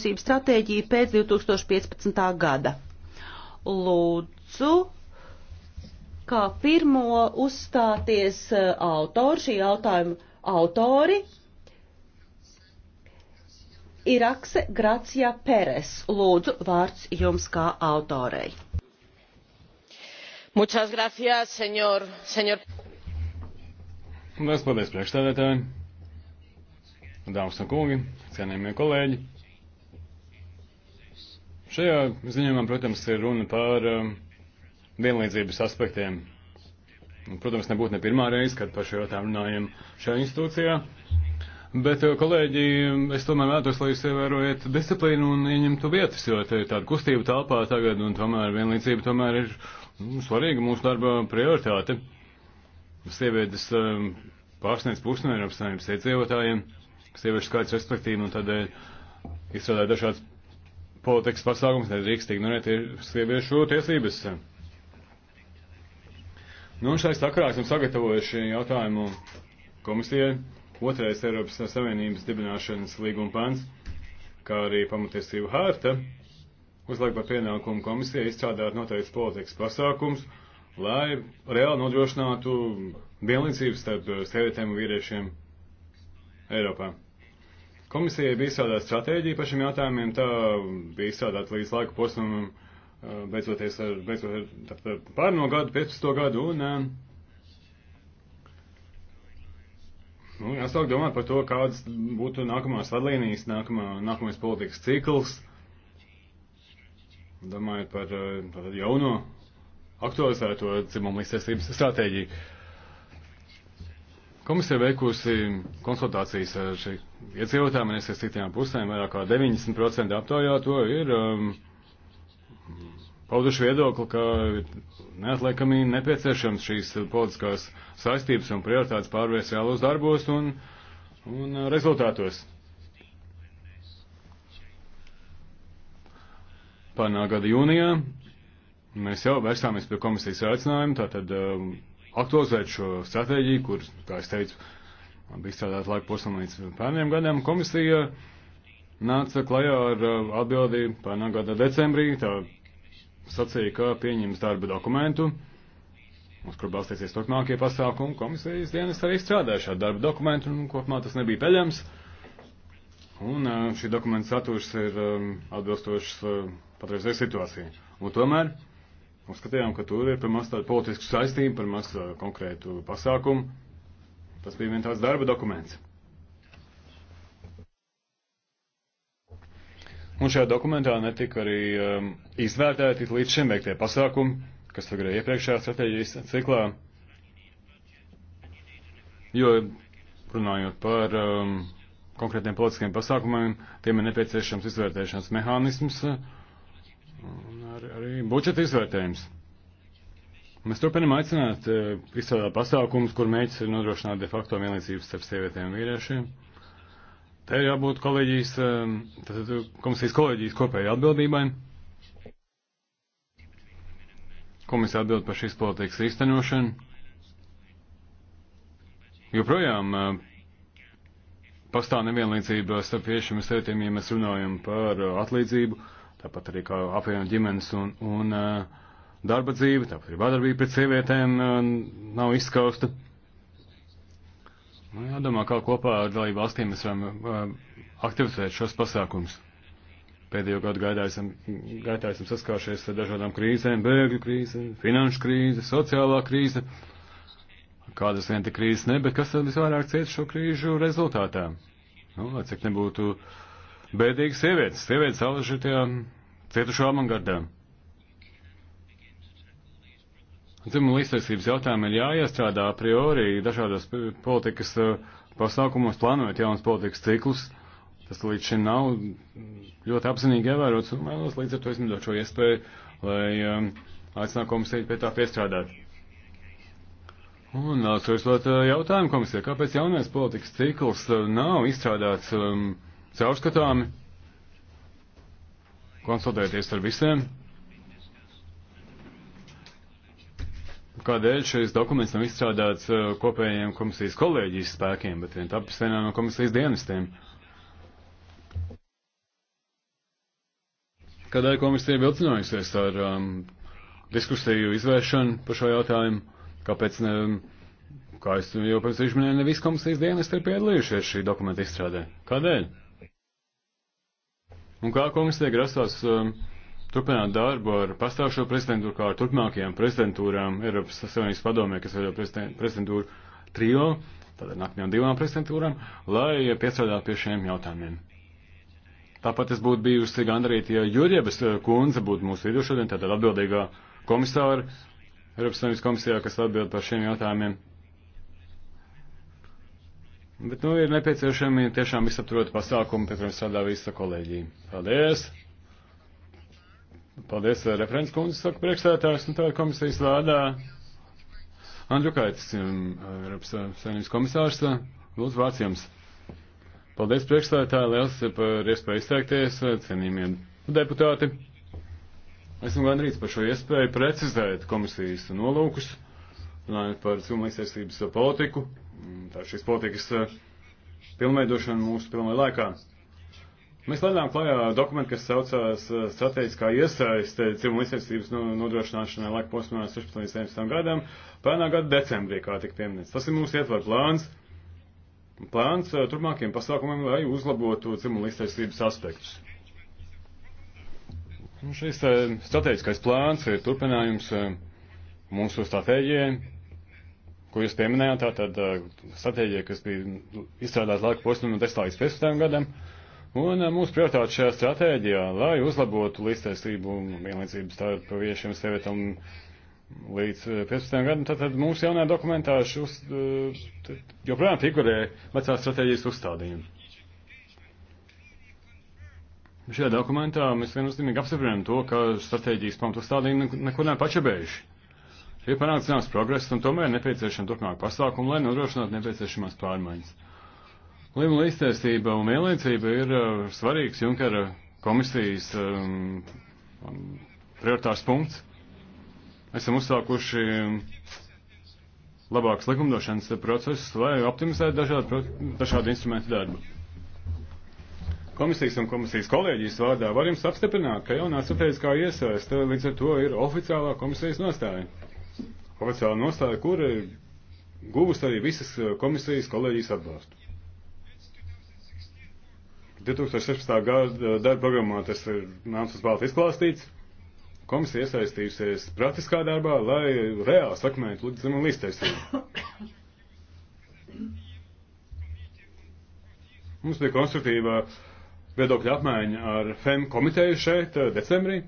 tiesību stratēģiju pēc 2015. gada. Lūdzu, kā pirmo uzstāties eh, autori, šī jautājuma autori, Irakse Gracija Peres. Lūdzu, vārds jums kā autorei. Muchas gracias, señor. señor... Lielas paldies priekšstādētāji, dāmas un kungi, cienījamie kolēģi. Šajā ziņojumā, protams, ir runa par um, vienlīdzības aspektiem. Un, protams, nebūtu ne pirmā reize, kad par šo jautājumu runājam šajā institūcijā. Bet, uh, kolēģi, es tomēr vētos, lai jūs ievērojat disciplīnu un ieņemtu vietas, jo te ir tāda kustība telpā tagad, un tomēr vienlīdzība tomēr ir nu, svarīga mūsu darba prioritāte. Sievietes um, pārsniedz pusnē ar apsaimnības iedzīvotājiem, sieviešu skaits respektīvi, un tādēļ izstrādāja dažādas politikas pasākums nedrīkst nu, ignorēt sieviešu tiesības. Nu, šai sakarā esam sagatavojuši jautājumu komisijai. Otrais Eiropas Savienības dibināšanas līguma pants, kā arī pamatiesību hārta, uzliek par pienākumu komisijai izstrādāt noteikts politikas pasākums, lai reāli nodrošinātu vienlīdzību starp sievietēm un vīriešiem Eiropā. Komisija bija izstrādāta stratēģija par šiem jautājumiem, tā bija izstrādāta līdz laika posmam, beidzoties ar, beidzot ar pārno gadu, 15. gadu, un, nu, jāsāk domāt par to, kādas būtu nākamās vadlīnijas, nākamā, nākamais politikas cikls, domājot par tātad jauno aktualizēto dzimumu līdztiesības stratēģiju. Komisija veikusi konsultācijas ar šī iedzīvotājiem un iesaistītajām pusēm, vairāk kā 90% aptaujāto ir um, pauduši viedokli, ka neatliekami nepieciešams šīs politiskās saistības un prioritātes pārvērst reālos darbos un, un uh, rezultātos. Pārnā gada jūnijā mēs jau vērsāmies pie komisijas aicinājumu, tātad um, aktualizēt šo stratēģiju, kur, kā es teicu, bija izstrādāta laika posmā līdz pērniem gadiem. Komisija nāca klajā ar uh, atbildi pērnā gada decembrī. Tā sacīja, ka pieņems darba dokumentu, uz kur balstīsies turpmākie pasākumi. Komisijas dienas arī strādāja šādu darba dokumentu, un kopumā tas nebija peļams. Un uh, šī dokumenta saturs ir um, atbilstošs uh, patreizējai situācijai. Un tomēr Uzskatījām, ka tur ir par maz tādu politisku saistību, par maz uh, konkrētu pasākumu. Tas bija viens tāds darba dokuments. Un šajā dokumentā netika arī um, izvērtēti līdz šim veiktie pasākumi, kas figurēja iepriekšējā stratēģijas ciklā. Jo runājot par um, konkrētiem politiskiem pasākumiem, tiem ir nepieciešams izvērtēšanas mehānisms. Uh, Un ar, arī budžeta izvērtējums. Mēs turpinam aicināt e, izstrādāt e, pasākumus, kur mēģis ir nodrošināt de facto vienlīdzības starp sievietēm un vīriešiem. Te ir jābūt kolēģijas, e, tātad komisijas kolēģijas kopējai atbildībai. Komisija atbild par šīs politikas īstenošanu. Joprojām pastāv nevienlīdzības starp vīriešiem un sievietēm, ja mēs runājam par atlīdzību. Uh, tāpat arī kā apvienot ģimenes un, un uh, darba dzīve, tāpat arī vardarbība pret sievietēm uh, nav izskausta. Nu, jādomā, kā kopā ar dalību valstīm mēs varam uh, aktivizēt šos pasākumus. Pēdējo gadu gaidā esam, gaitā esam saskāršies ar dažādām krīzēm - bēgļu krīze, finanšu krīze, sociālā krīze. Kādas vien te krīzes ne, bet kas tad visvairāk ciet šo krīžu rezultātā? Nu, lai cik nebūtu uh, bēdīgas sievietes, sievietes alažitajā cietušo avangardā. Dzimuma līdztiesības jautājumi ir jāiestrādā a priori dažādos politikas uh, pasākumos, plānojot jaunas politikas ciklus. Tas līdz šim nav ļoti apzinīgi ievērots, un vēlos līdz ar to izmantot šo iespēju, lai um, aicinātu komisiju pie tā piestrādāt. Un vēl sūtot uh, jautājumu komisijai, kāpēc jaunais politikas cikls uh, nav izstrādāts um, caurskatāmi, konsultēties ar visiem. Kādēļ šis dokuments nav izstrādāts uh, kopējiem komisijas kolēģijas spēkiem, bet vien tapis vienā no komisijas dienestiem? Kādēļ komisija vilcinājusies ar um, diskusiju izvēršanu par šo jautājumu? Kāpēc, ne, um, kā es jau pirms brīža minēju, nevis komisijas dienesti ir piedalījušies šī dokumenta izstrādē? Kādēļ? Un kā komisija grasās um, turpināt darbu ar pastāvšo prezidentūru, kā ar turpmākajām prezidentūrām Eiropas Savienības padomē, kas veido prezident, prezidentūru trio, tātad nākamajām divām prezidentūrām, lai piestrādātu pie šiem jautājumiem. Tāpat es būtu bijusi gandarīta, ja Jurjebas uh, kundze būtu mūsu vidū šodien, tātad atbildīgā komisāra Eiropas Savienības komisijā, kas atbild par šiem jautājumiem. Bet, nu, ir nepieciešami tiešām visaptvarot pasākumi, pie kuriem strādā visa kolēģija. Paldies! Paldies, eh, referents kundze, saka priekšstādātājs, un tā ir komisijas vārdā. Andrukaitis, um, eh, Eiropas eh, saimnības komisārs, lūdzu vārds jums. Paldies, priekšstādātāji, liels par iespēju izteikties, cienījumie deputāti. Esmu gandrīz par šo iespēju precizēt komisijas nolūkus, runājot par cilvēku aizsardzības politiku Mm, tā šīs politikas eh, pilnveidošanu mūsu pilnai laikā. Mēs lēnām klajā dokumentu, kas saucās eh, strateģiskā iesaiste civilizācijas nodrošināšanai laika posmā 16. un 17. gadam, pērnā gada decembrī, kā tik pieminēts. Tas ir mūsu ietvaru plāns, plāns eh, turpmākiem pasākumiem, lai uzlabotu civilizācijas aspektus. Un šis strateģiskais plāns ir turpinājums mūsu stratēģijai, ko jūs pieminējāt, tātad stratēģija, kas bija nu, izstrādāta laika posmā no 10 līdz 15 gadam. Un mūsu prioritāte šajā stratēģijā, lai uzlabotu līdztaisību un vienlīdzību starp vīriešiem un sievietām līdz 15 gadam, tātad mūsu jaunajā dokumentā šus, joprojām figurē vecās stratēģijas uzstādījumi. Šajā dokumentā mēs viennozīmīgi apstiprinām to, ka stratēģijas pamatu uzstādījumi neko nav pačabējuši. Ir panākts zināms progress, un tomēr nepieciešama turpmāk pasākuma, lai nodrošinātu nepieciešamās pārmaiņas. Līmuma līdztiesība un vienlīdzība ir uh, svarīgs Junkara komisijas um, um, prioritārs punkts. Esam uzsākuši um, labākas likumdošanas procesus, lai optimizētu dažādu, dažādu instrumentu darbu. Komisijas un komisijas kolēģijas vārdā var jums apstiprināt, ka jaunā strateģiskā iesaista līdz ar to ir oficiālā komisijas nostāja oficiāla nostāja, kura guvusi arī visas eh, komisijas kolēģijas atbalstu. 2016. gada eh, darba programmā tas ir nācis balti izklāstīts. Komisija iesaistījusies praktiskā darbā, lai reāli sakmētu dzimumu līdztiesību. Mums bija konstruktīva viedokļa apmaiņa ar FEM komiteju šeit eh, decembrī,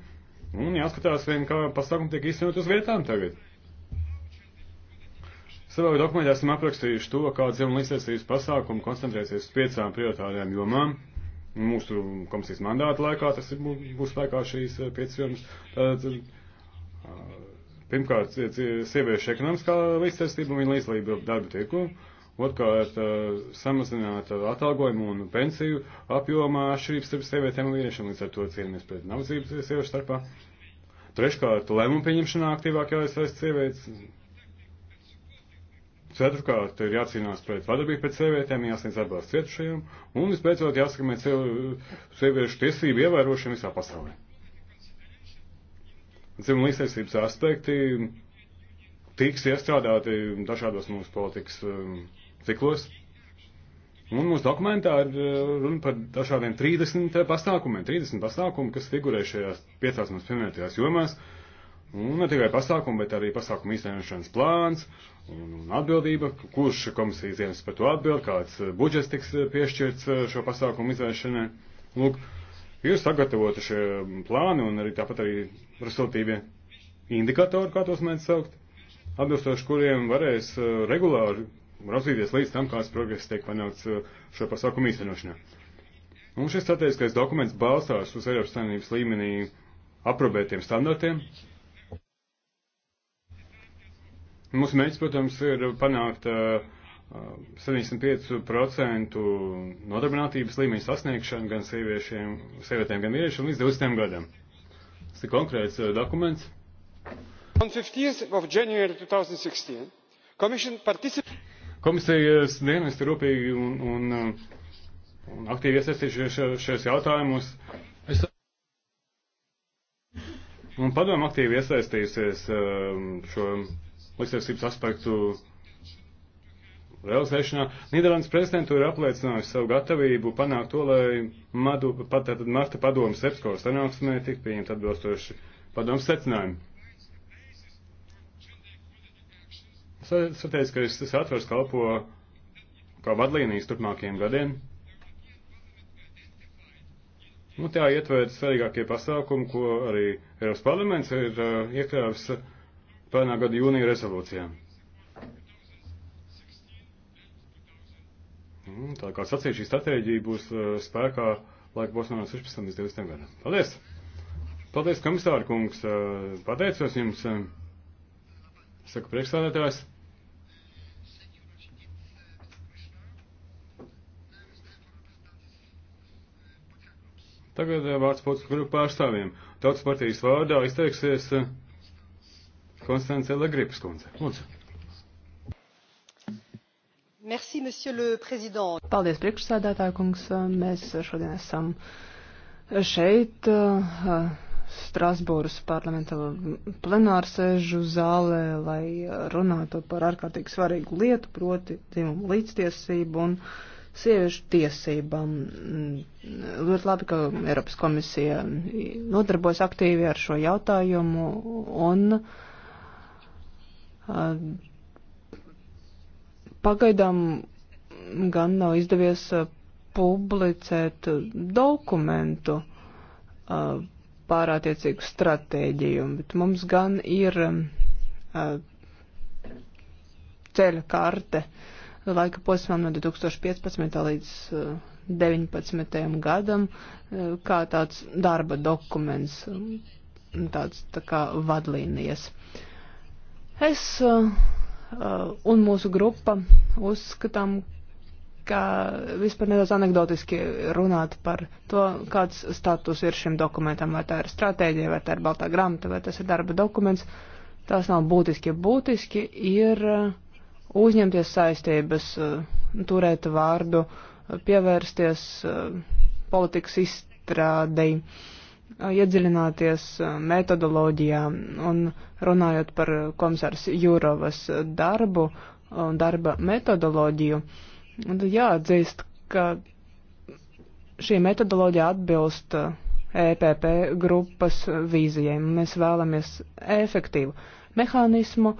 un jāskatās vien, kā pasākumi tiek īstenot uz vietām tagad. Savā dokumentā esam aprakstījuši to, kā dzimuma līdztiesības pasākumi koncentrēsies uz piecām prioritārajām jomām. Mūsu komisijas mandāta laikā tas būs laikā šīs eh, piecas jomas. Tad, eh, pirmkārt, sieviešu ekonomiskā līdztiesība un viņa līdzlība darba tirgu. Otkārt, eh, samazināt atalgojumu un pensiju apjomā atšķirības starp sievietēm un vīriešiem, līdz ar to cīnāmies pret nabadzību sieviešu starpā. Treškārt, lēmumu pieņemšanā aktīvāk jāiesaist sievietes Ceturkārt, ir jācīnās pret vadarbību pret sievietēm, jāsniedz atbalsts cietušajiem, un visbeidzot jāsakamē sieviešu tiesību ievērošana visā pasaulē. Dzimuma līdztiesības aspekti tiks iestrādāti dažādos mūsu politikas um, ciklos. Un mūsu dokumentā ir uh, runa par dažādiem 30 eh, pasākumiem, 30 pasākumu, kas figurē šajās piecās mums pieminētajās jomās. Uh, Un nu, ne tikai pasākumi, bet arī pasākumu īstenošanas plāns un, un atbildība, kurš komisijas dienas par to atbild, kāds eh, budžets tiks eh, piešķirts eh, šo pasākumu izvēršanai. Lūk, ir sagatavoti šie plāni un arī tāpat arī resultīvie indikatori, kā tos mēdz saukt, atbilstoši kuriem varēs regulāri razīties līdz tam, kāds progress tiek panākts šo pasākumu īstenošanā. Un šis strateģiskais dokuments balstās uz Eiropas Savienības līmenī aprobētiem standartiem, Mūsu mērķis, protams, ir panākt uh, 75% nodarbinātības līmeņa sasniegšanu gan sieviešiem, sievietēm, gan vīriešiem līdz 20 gadam. Tas ir konkrēts uh, dokuments. Komisijas dienas ir rūpīgi un, un, un aktīvi iesaistījušies šajos jautājumus. Es Un padomu aktīvi iesaistījusies šo līdztiesības aspektu realizēšanā. Nīderlandes prezidentūra ir apliecinājusi savu gatavību panākt to, lai madu, pat, tad, Marta padomu Sepsko sanāksmē tik pieņemt atbilstoši padomu secinājumu. Satieckais tas atvers kalpo kā vadlīnijas turpmākajiem gadiem. Nu, tā ietver svarīgākie pasākumi, ko arī Eiropas parlaments ir uh, iekļāvis uh, pērnā gada jūnija rezolūcijām. Mm, tā kā sacīja, šī stratēģija būs e, spēkā laika posmā no 16 līdz 20 gadam. Paldies! Paldies, komisāra kungs! E, pateicos jums, e, saka priekšstādātājs. Tagad vārds politiskā grupu pārstāvjiem. Tautas partijas vārdā izteiksies. Uh, Konstance Legripas kundze. Lūdzu. Merci, monsieur le président. Paldies, priekšsēdētāja kungs. Mēs šodien esam šeit. Uh, Strasbūras parlamenta plenārsēžu zālē, lai runātu par ārkārtīgi svarīgu lietu, proti dzimumu līdztiesību un sieviešu tiesībām. Ļoti labi, ka Eiropas komisija nodarbojas aktīvi ar šo jautājumu un uh, Pagaidām gan nav izdevies publicēt dokumentu pārātiecīgu stratēģiju, bet mums gan ir ceļa karte laika posmām no 2015. līdz 19. gadam, kā tāds darba dokuments, tāds tā kā vadlīnijas. Uh, Es uh, uh, un mūsu grupa uzskatām, ka vispār nedaudz anegdotiski runāt par to, kāds status ir šim dokumentam, vai tā ir stratēģija, vai tā ir baltā grāmata, vai tas ir darba dokuments. Tās nav būtiski, ja būtiski ir uh, uzņemties saistības, uh, turēt vārdu, pievērsties politikas izstrādei iedziļināties metodoloģijā un runājot par komisārs Jūrovas darbu un darba metodoloģiju, tad jāatzīst, ka šī metodoloģija atbilst EPP grupas vīzijai. Mēs vēlamies efektīvu mehānismu,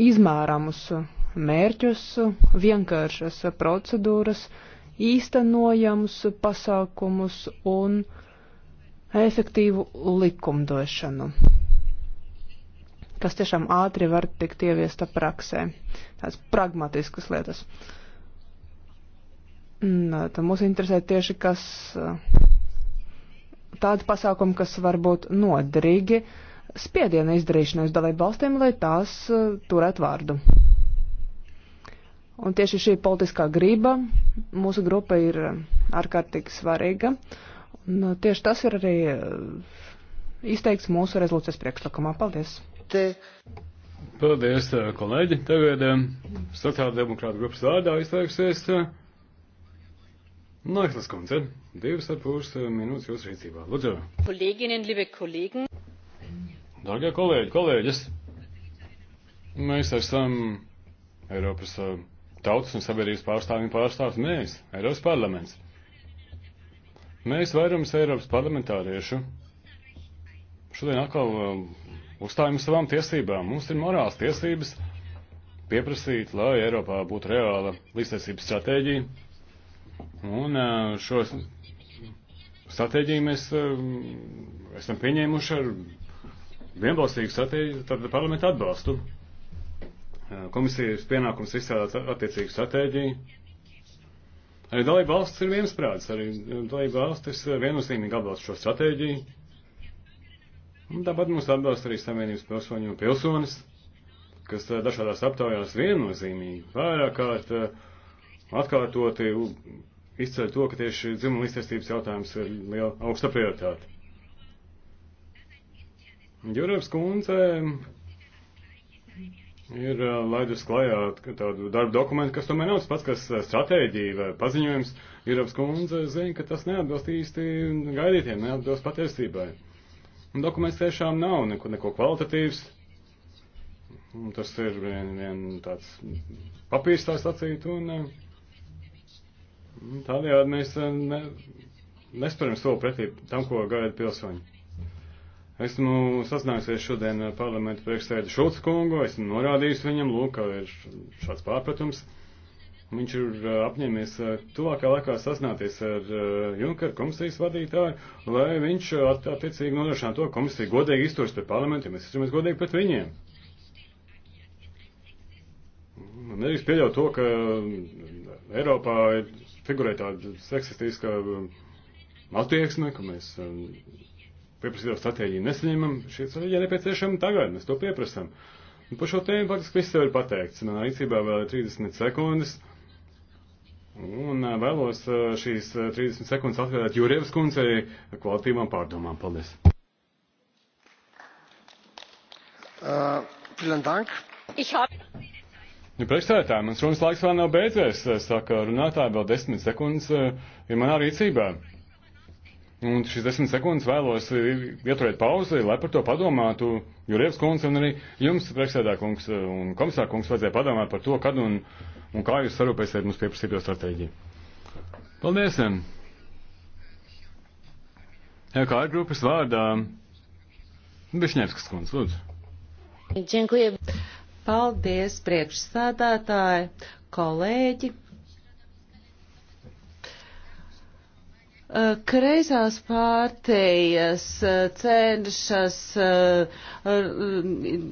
izmērāmus mērķus, vienkāršas procedūras, īstenojams pasākumus un uh, efektīvu likumdošanu, kas tiešām ātri var tikt ieviesta praksē. Tāds pragmatiskas lietas. Tad mūs interesē tieši, kas tādi pasākumi, kas var būt noderīgi spiediena izdarīšanai uz dalību valstīm, lai tās turētu vārdu. Un tieši šī politiskā grība mūsu grupa ir ārkārtīgi svarīga. Uh, Nu, tieši tas ir arī eh, izteikts mūsu rezolūcijas priekšlikumā. Paldies! Te. Paldies, eh, kolēģi! Tagad eh, sociāla demokrāta grupas vārdā izteiksies Nākstas kundze. Divas ar pūs minūtes jūsu rīcībā. Lūdzu! Kolēģinin, liebe kolēģin! Dārgie kolēģi, kolēģis! Mēs esam Eiropas tautas un sabiedrības pārstāvjumi pārstāvjumi mēs, Eiropas parlaments. Mēs vairums Eiropas parlamentāriešu šodien atkal um, uzstājam savām tiesībām. Mums ir morāls tiesības pieprasīt, lai Eiropā būtu reāla līdztiesības stratēģija. Un uh, šo stratēģiju mēs um, esam pieņēmuši ar vienbalsīgu stratēģiju, tad parlamentu atbalstu. Uh, komisijas pienākums izstrādāt attiecīgu stratēģiju. Arī dalība valstis ir viensprāts, arī dalība valstis viennozīmīgi atbalsta šo stratēģiju. Un tāpat mums atbalsta arī savienības pilsoņi un pilsonis, kas eh, dažādās aptaujās viennozīmīgi, vairāk kārt eh, atkārtoti izceļ to, ka tieši dzimuma līdztiesības jautājums ir liela augsta prioritāte. Jurevs kundze ir laidus klajā tādu darbu dokumentu, kas tomēr nav tas pats, kas stratēģija vai paziņojums. Iravs kundze zina, ka tas neatbilst īsti gaidītiem, neatbilst patiesībai. Un dokuments tiešām nav neko, neko kvalitatīvs. Un tas ir vien, vien tāds papīrs tā sacīt, un, un tādējādi mēs ne, nespēram soli pretī tam, ko gaida pilsoņi. Esmu sazinājusies šodien parlamentu priekšsēdu Šulca kungu, esmu norādījis viņam, lūk, ka ir šāds pārpratums. Viņš ir uh, apņēmies uh, tuvākā laikā sasnāties ar uh, Junkeru komisijas vadītāju, lai viņš attiecīgi nodrošinātu to komisiju godīgi izturst pret parlamentu, ja mēs esam godīgi pret viņiem. Nedrīkst pieļaut to, ka Eiropā figurē tāda seksistiska um, attieksme, ka mēs um, pieprasīto stratēģiju nesaņemam, šī stratēģija nepieciešama tagad, mēs to pieprasam. Un par šo tēmu faktiski viss jau ir pateikts. Manā rīcībā vēl ir 30 sekundes. Un vēlos šīs 30 sekundes atvēlēt Jurievas kundzei kvalitīvām pārdomām. Paldies! Uh, Nu, priekšstādātāji, mans runas laiks vēl nav beidzies, saka runātāji, vēl desmit sekundes ir manā rīcībā. Un šis desmit sekundes vēlos ieturēt pauzi, lai par to padomātu Jurievs kungs un arī jums, priekšsēdā kungs e, un komisār kungs, vajadzēja padomāt par to, kad un, un kā jūs sarūpēsiet mums pieprasīto stratēģiju. Paldies! EKR grupas vārdā Bišņevskas kungs, lūdzu. Paldies, priekšsēdētāji, kolēģi! Eh, kreisās pārtējas eh, cenšas eh,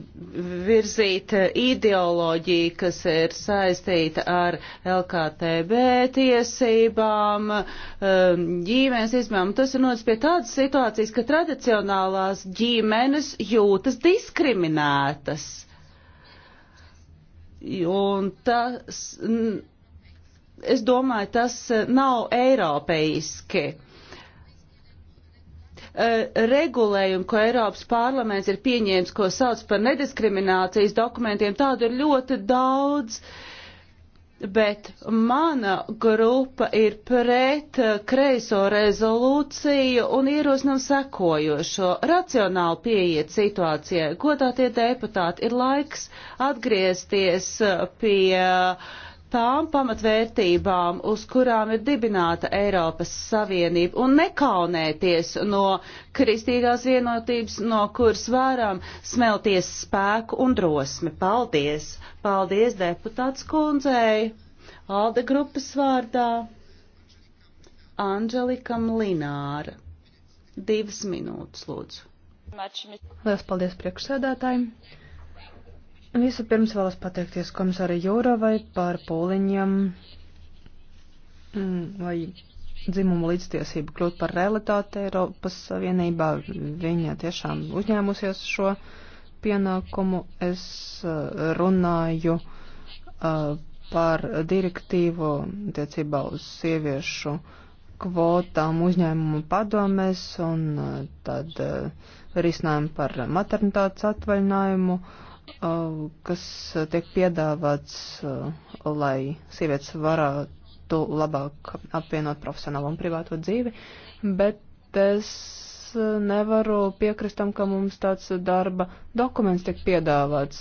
virzīt ideoloģiju, kas ir saistīta ar LKTB tiesībām, ģimenes izmēm. Tas ir notis pie tādas situācijas, ka tradicionālās ģimenes jūtas diskriminētas. Un tas es domāju, tas eh, nav eiropeiski. Eh, Regulējumi, ko Eiropas parlaments ir pieņēmis, ko sauc par nediskriminācijas dokumentiem, tādu ir ļoti daudz. Uh, bet mana grupa ir pret eh, kreiso rezolūciju un ierosinam sekojošo. Racionāli pieiet situācijai. Godātie deputāti, ir laiks atgriezties pie uh, tām pamatvērtībām, uz kurām ir dibināta Eiropas Savienība, un nekaunēties no kristīgās vienotības, no kuras varam smelties spēku un drosmi. Paldies! Paldies deputāts kundzei! Alde grupas vārdā Anželikam Lināra. Divas minūtes, lūdzu. Lielas paldies priekšsēdētājiem! Visu pirms vēlas pateikties komisārai Jūrovai par pūliņiem, mm, lai dzimumu līdztiesību kļūt par realitāti Eiropas Savienībā. Viņa tiešām uzņēmusies šo pienākumu. Es uh, runāju uh, par direktīvu tiecībā uz sieviešu kvotām uzņēmumu padomēs un uh, tad risinājumu par maternitātes atvaļinājumu. Uh, Oh, kas eh, tiek piedāvāts, eh, lai sievietes varētu labāk apvienot profesionālo un privāto dzīvi, bet es eh, nevaru piekrist tam, ka mums tāds darba dokuments tiek piedāvāts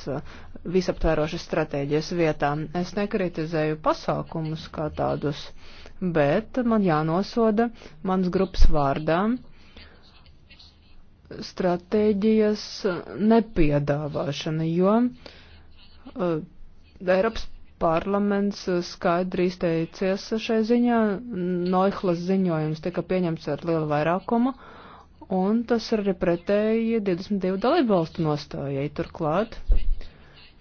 visaptvērošas stratēģijas vietā. Es nekritizēju pasākumus kā tādus, bet man jānosoda mans grupas vārdām stratēģijas nepiedāvāšana, jo uh, Eiropas parlaments skaidri izteicies šai ziņā. Noihlas ziņojums tika pieņemts ar lielu vairākumu, un tas ir arī pretēji 22 dalībvalstu nostājai turklāt.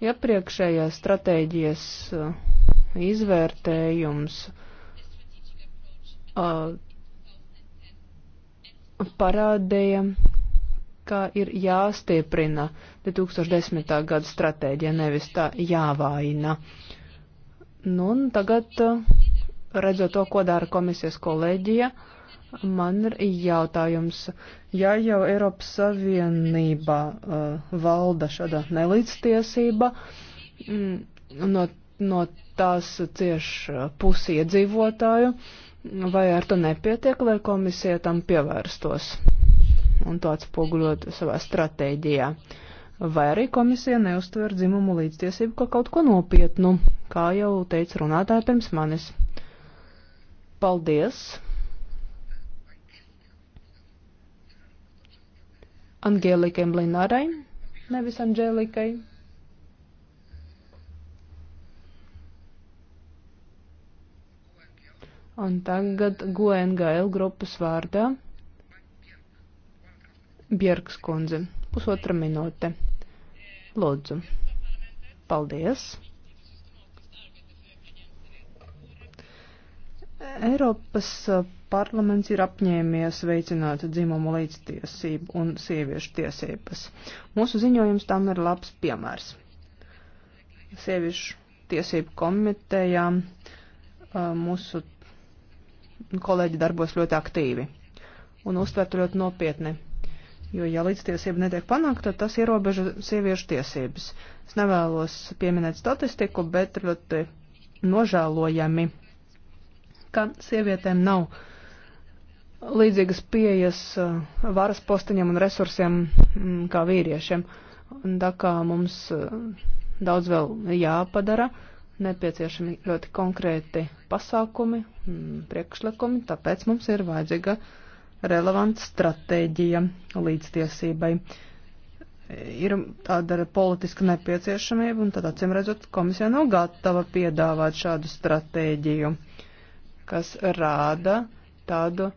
Iepriekšējā ja stratēģijas eh, izvērtējums uh, parādīja, ka ir jāstieprina 2010. gada stratēģija, nevis tā jāvājina. Nu, un tagad, eh, redzot to, ko dara komisijas kolēģija, man ir jautājums, ja jau Eiropas Savienībā uh, eh, valda šāda nelīdztiesība, mm, no, no tās cieš eh, pusi iedzīvotāju, vai ar to nepietiek, lai komisija tam pievērstos? un to atspoguļot savā stratēģijā. Vai arī komisija neuztver dzimumu līdztiesību kā kaut ko nopietnu, kā jau teica runātāja pirms manis. Paldies! Angēlikai Blinārai, nevis Angēlikai. Un tagad GNGL grupas vārdā. Bjergs kundze, pusotra minūte. Lūdzu. Paldies. Eiropas parlaments ir apņēmies veicināt dzimumu līdztiesību un sieviešu tiesības. Mūsu ziņojums tam ir labs piemērs. Sieviešu tiesību komitejā mūsu kolēģi darbos ļoti aktīvi un uztvertu ļoti nopietni Jo, ja līdztiesība netiek panākta, tad tas ierobežo sieviešu tiesības. Es nevēlos pieminēt statistiku, bet ļoti nožēlojami, ka sievietēm nav līdzīgas pieejas uh, varas postiņiem un resursiem mm, kā vīriešiem. Tā kā mums uh, daudz vēl jāpadara, nepieciešami ļoti konkrēti pasākumi, priekšlikumi, tāpēc mums ir vajadzīga relevanta stratēģija līdztiesībai. Ir tāda politiska nepieciešamība, un tad acīm redzot, komisija nav gatava piedāvāt šādu stratēģiju, kas rāda tādu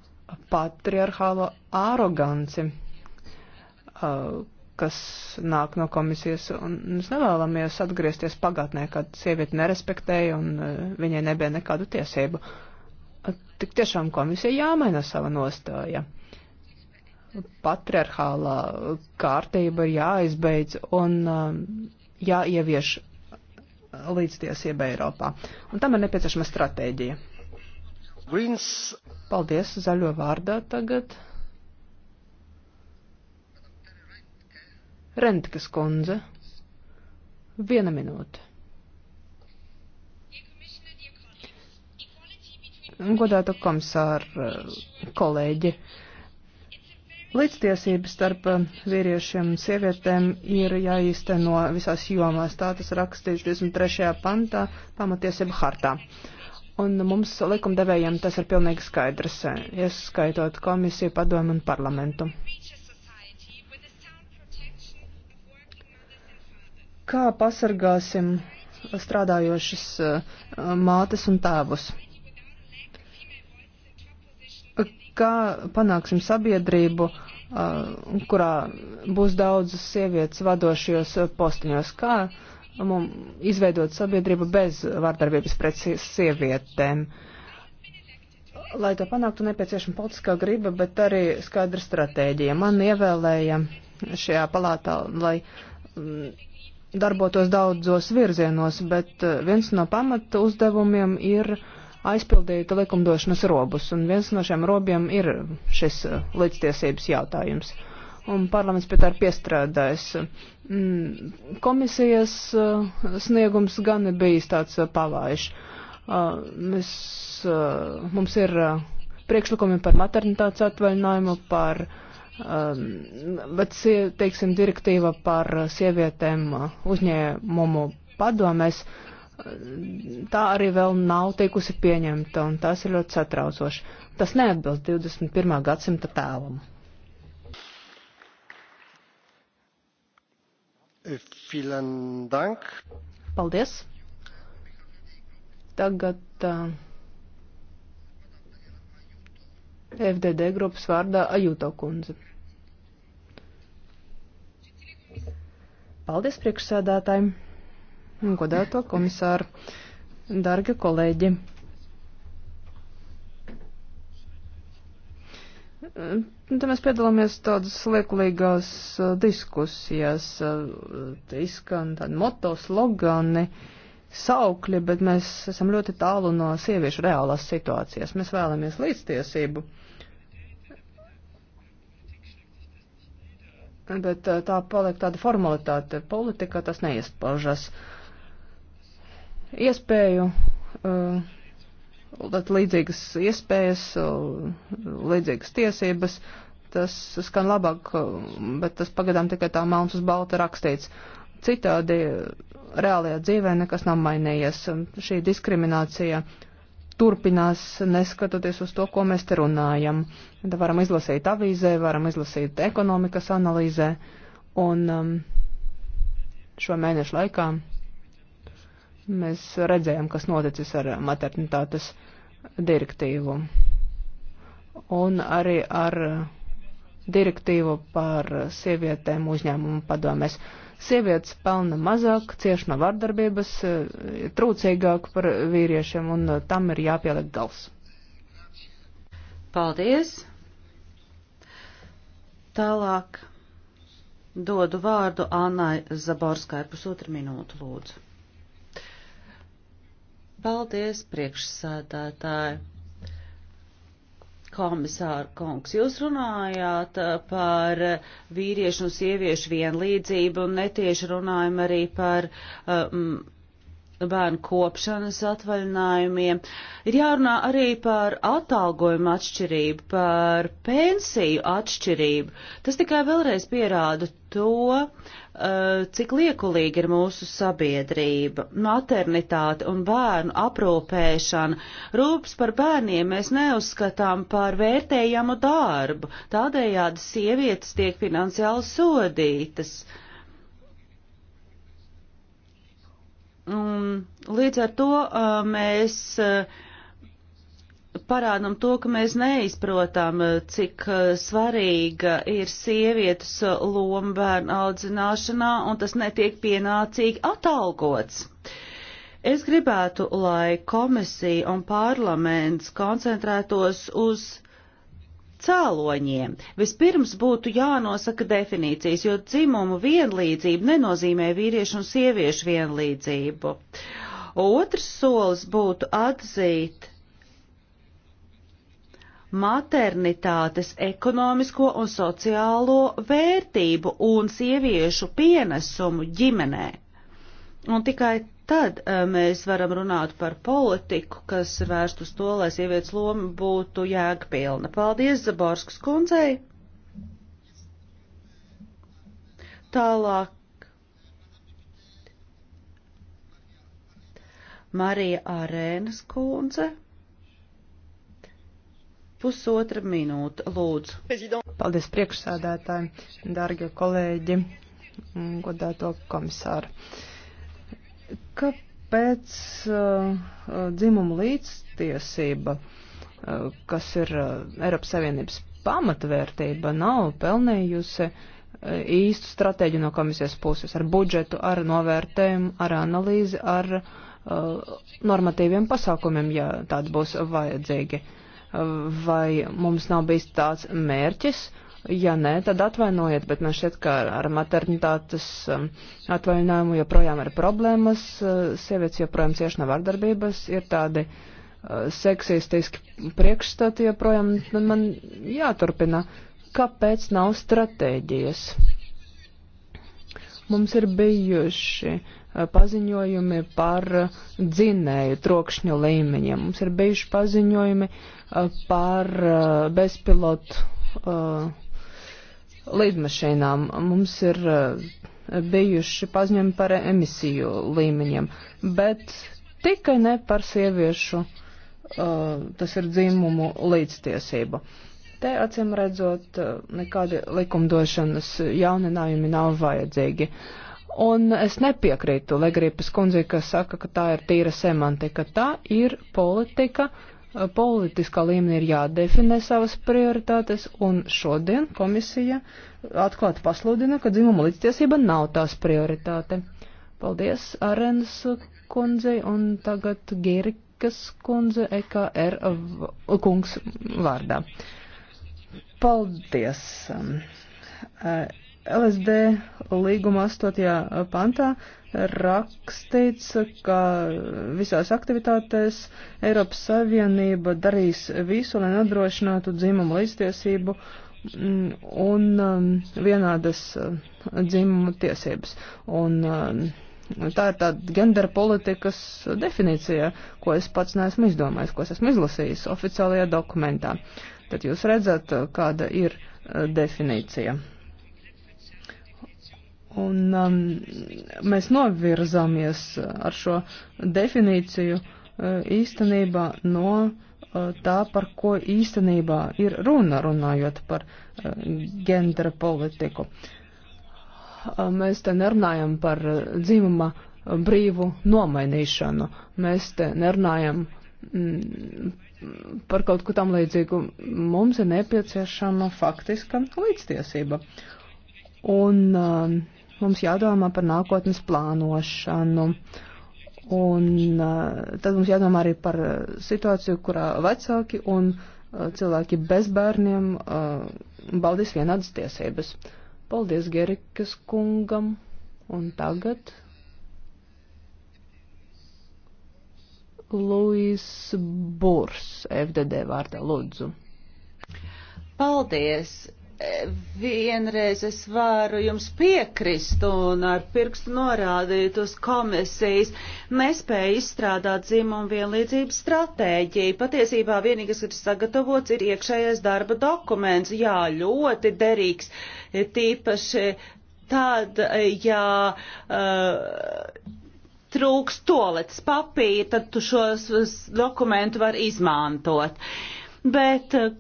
patriarchālo aroganci, kas nāk no komisijas, un mēs nevēlamies atgriezties pagātnē, kad sievieti nerespektēja un viņai nebija nekādu tiesību. Uh, Tik tiešām komisija jāmaina sava nostāja. Patriarchālā kārtība ir jāizbeidz un um, jāievieš līdztiesība Eiropā. Un tam ir nepieciešama stratēģija. Greens. Paldies zaļo vārdā tagad. Rentkas kundze. Viena minūte. godāta komisāra eh, kolēģi. Līdztiesības starp eh, vīriešiem un sievietēm ir jāīsteno visās jomās. Tā tas rakstīts 23. pantā pamatiesība hartā. Un mums likumdevējiem tas ir pilnīgi skaidrs, eh, ieskaitot komisiju, padomu un parlamentu. Kā pasargāsim strādājošas mātes un tēvus? kā panāksim sabiedrību, kurā būs daudz sievietes vadošajos postiņos, kā mums izveidot sabiedrību bez vārdarbības pret sievietēm. Lai to panāktu, nepieciešama politiskā griba, bet arī skaidra stratēģija. Man ievēlēja šajā palātā, lai darbotos daudzos virzienos, bet viens no pamata uzdevumiem ir uh, aizpildītu likumdošanas robus, un viens no šiem robiem ir šis uh, līdztiesības jautājums. Un parlaments pie tā ir piestrādājis. Mm, komisijas uh, sniegums gan ir bijis tāds uh, pavājuši. Mēs, mums ir priekšlikumi par maternitātes atvaļinājumu, par, um, bet, teiksim, direktīva par sievietēm uzņēmumu padomēs tā arī vēl nav tikusi pieņemta, un tas ir ļoti satraucoši. Tas neatbilst 21. gadsimta tēlam. Paldies. Tagad uh, eh, FDD grupas vārdā Ajuto kundze. Paldies priekšsēdētājiem godēto komisāru, dargi kolēģi. Te mēs piedalāmies tādas liekulīgās uh, diskusijās, te uh, izskan tādi moto, slogani, saukļi, bet mēs esam ļoti tālu no sieviešu reālās situācijas. Mēs vēlamies līdztiesību. Bet uh, tā paliek tāda formalitāte. Politikā tas neiespaužas. Uh, iespēju, uh, līdzīgas iespējas, uh, līdzīgas tiesības. Tas skan labāk, uh, bet tas pagadām tikai tā melns uz balta rakstīts. Citādi reālajā dzīvē nekas nav mainījies. Šī diskriminācija turpinās, neskatoties uz to, ko mēs te runājam. Tā varam izlasīt avīzē, varam izlasīt ekonomikas analīzē. Un um, šo mēnešu laikā Mēs redzējām, kas noticis ar maternitātes direktīvu un arī ar direktīvu par sievietēm uzņēmumu padomēs. Sievietes pelna mazāk, cieši no vardarbības, trūcīgāk par vīriešiem, un tam ir jāpieliek gals. Paldies! Tālāk dodu vārdu Annai Zaborskai pusotru minūtu lūdzu. Paldies, priekšsēdētāji! komisāra kungs, jūs runājāt uh, par vīriešu un sieviešu vienlīdzību un netieši runājam arī par um, bērnu kopšanas atvaļinājumiem. Ir jārunā arī par atalgojumu atšķirību, par pensiju atšķirību. Tas tikai vēlreiz pierāda to, eh, cik liekulīga ir mūsu sabiedrība, maternitāte un bērnu aprūpēšana. Rūps par bērniem mēs neuzskatām par vērtējamu darbu, tādējādi sievietes tiek finansiāli sodītas. Uh, Un līdz ar to mēs parādam to, ka mēs neizprotam, cik svarīga ir sievietes loma bērnu audzināšanā, un tas netiek pienācīgi atalgots. Es gribētu, lai komisija un parlaments koncentrētos uz cēloņiem. Vispirms būtu jānosaka definīcijas, jo dzimumu vienlīdzība nenozīmē vīriešu un sieviešu vienlīdzību. Otrs solis būtu atzīt maternitātes ekonomisko un sociālo vērtību un sieviešu pienesumu ģimenē. Un tikai Tad eh, mēs varam runāt par politiku, kas ir vērst uz to, lai sievietes loma būtu jēgpilna. Paldies Zaborskas kundzei! Tālāk. Marija Arēnas kundze. Pusotra minūte, lūdzu. Paldies priekšsādātāji, dārgie kolēģi, godāto komisāru. Kāpēc uh, uh, dzimumu līdztiesība, uh, kas ir uh, Eiropas Savienības pamatvērtība, nav pelnījusi uh, īstu stratēģiju no komisijas puses ar budžetu, ar novērtējumu, ar analīzi, ar uh, normatīviem pasākumiem, ja tāds būs vajadzīgi? Uh, vai mums nav bijis tāds mērķis? Uh, Ja nē, tad atvainojiet, bet man šķiet, ka ar maternitātes um, atvaļinājumu joprojām ir problēmas, uh, sievietes joprojām cieši no vardarbības, ir tādi uh, seksistiski priekšstati joprojām, un nu, man jāturpina, kāpēc nav stratēģijas. Mums ir bijuši uh, paziņojumi par dzinēju trokšņu līmeņiem. Mums ir bijuši paziņojumi par bezpilotu uh, lidmašīnām. Mums ir eh, bijuši paziņojumi par emisiju līmeņiem, bet tikai ne par sieviešu, eh, tas ir dzimumu līdztiesību. Te acīm redzot, eh, nekādi likumdošanas jauninājumi nav vajadzīgi. Un es nepiekrītu Legripas kundzei, kas saka, ka tā ir tīra semantika. Tā ir politika, uh, Eh, politiskā līmenī ir jādefinē savas prioritātes, un šodien komisija atklāti pasludina, ka dzimuma līdztiesība nav tās prioritāte. Paldies Arens kundzei, un tagad Gērikas kundze EKR kungs vārdā. Paldies. Um, eh, LSD līguma 8. pantā rakstīts, ka visās aktivitātēs Eiropas Savienība darīs visu, lai nodrošinātu dzimumu līdztiesību un um, vienādas uh, dzimumu tiesības. Un um, tā ir tāda gendera politikas definīcija, ko es pats neesmu izdomājis, ko es esmu izlasījis oficiālajā dokumentā. Tad jūs redzat, uh, kāda ir uh, definīcija. Un um, mēs novirzāmies uh, ar šo definīciju uh, īstenībā no uh, tā, par ko īstenībā ir runa, runājot par uh, gendera politiku. Uh, mēs te nerunājam par uh, dzimuma uh, brīvu nomainīšanu, mēs te nerunājam mm, par kaut ko tam līdzīgu. Mums ir nepieciešama faktiska līdztiesība. Un uh, mums jādomā par nākotnes plānošanu. Un tad mums jādomā arī par situāciju, kurā vecāki un cilvēki bez bērniem baudīs vienādas tiesības. Paldies Gerikas kungam. Un tagad Luis Burs, FDD vārdā, lūdzu. Paldies! vienreiz es varu jums piekrist un ar pirkstu norādīt uz komisijas nespēju izstrādāt dzimumu vienlīdzības stratēģiju. Patiesībā vienīgais, kas ir sagatavots, ir iekšējais darba dokuments. Jā, ļoti derīgs, tīpaši tad, ja. Uh, trūks toletes papīra, tad tu šos dokumentu var izmantot. Bet uh,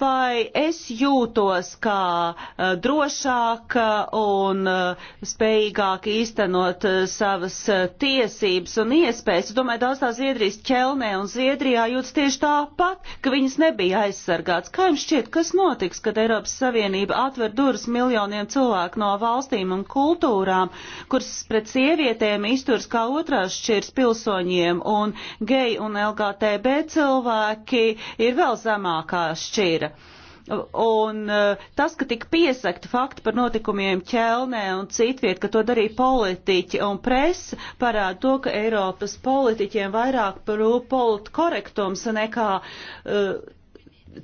vai es jūtos kā eh, drošāka eh, un eh, spējīgāk īstenot savas tiesības un iespējas. Es domāju, daudz tā Zviedrijas ķelnē un Zviedrijā jūtas tieši tāpat, ka viņas nebija aizsargāts. Kā jums šķiet, kas notiks, kad Eiropas Savienība atver durvis miljoniem cilvēku no valstīm un kultūrām, kuras pret sievietēm izturs kā otrās šķirs pilsoņiem un geji un LGTB cilvēki ir vēl zemākā šķira? Un eh, tas, ka tika piesakti fakti par notikumiem ķelnē un citviet, ka to darīja politiķi un presa, parāda to, ka Eiropas politiķiem vairāk parūp politkorektums nekā uh,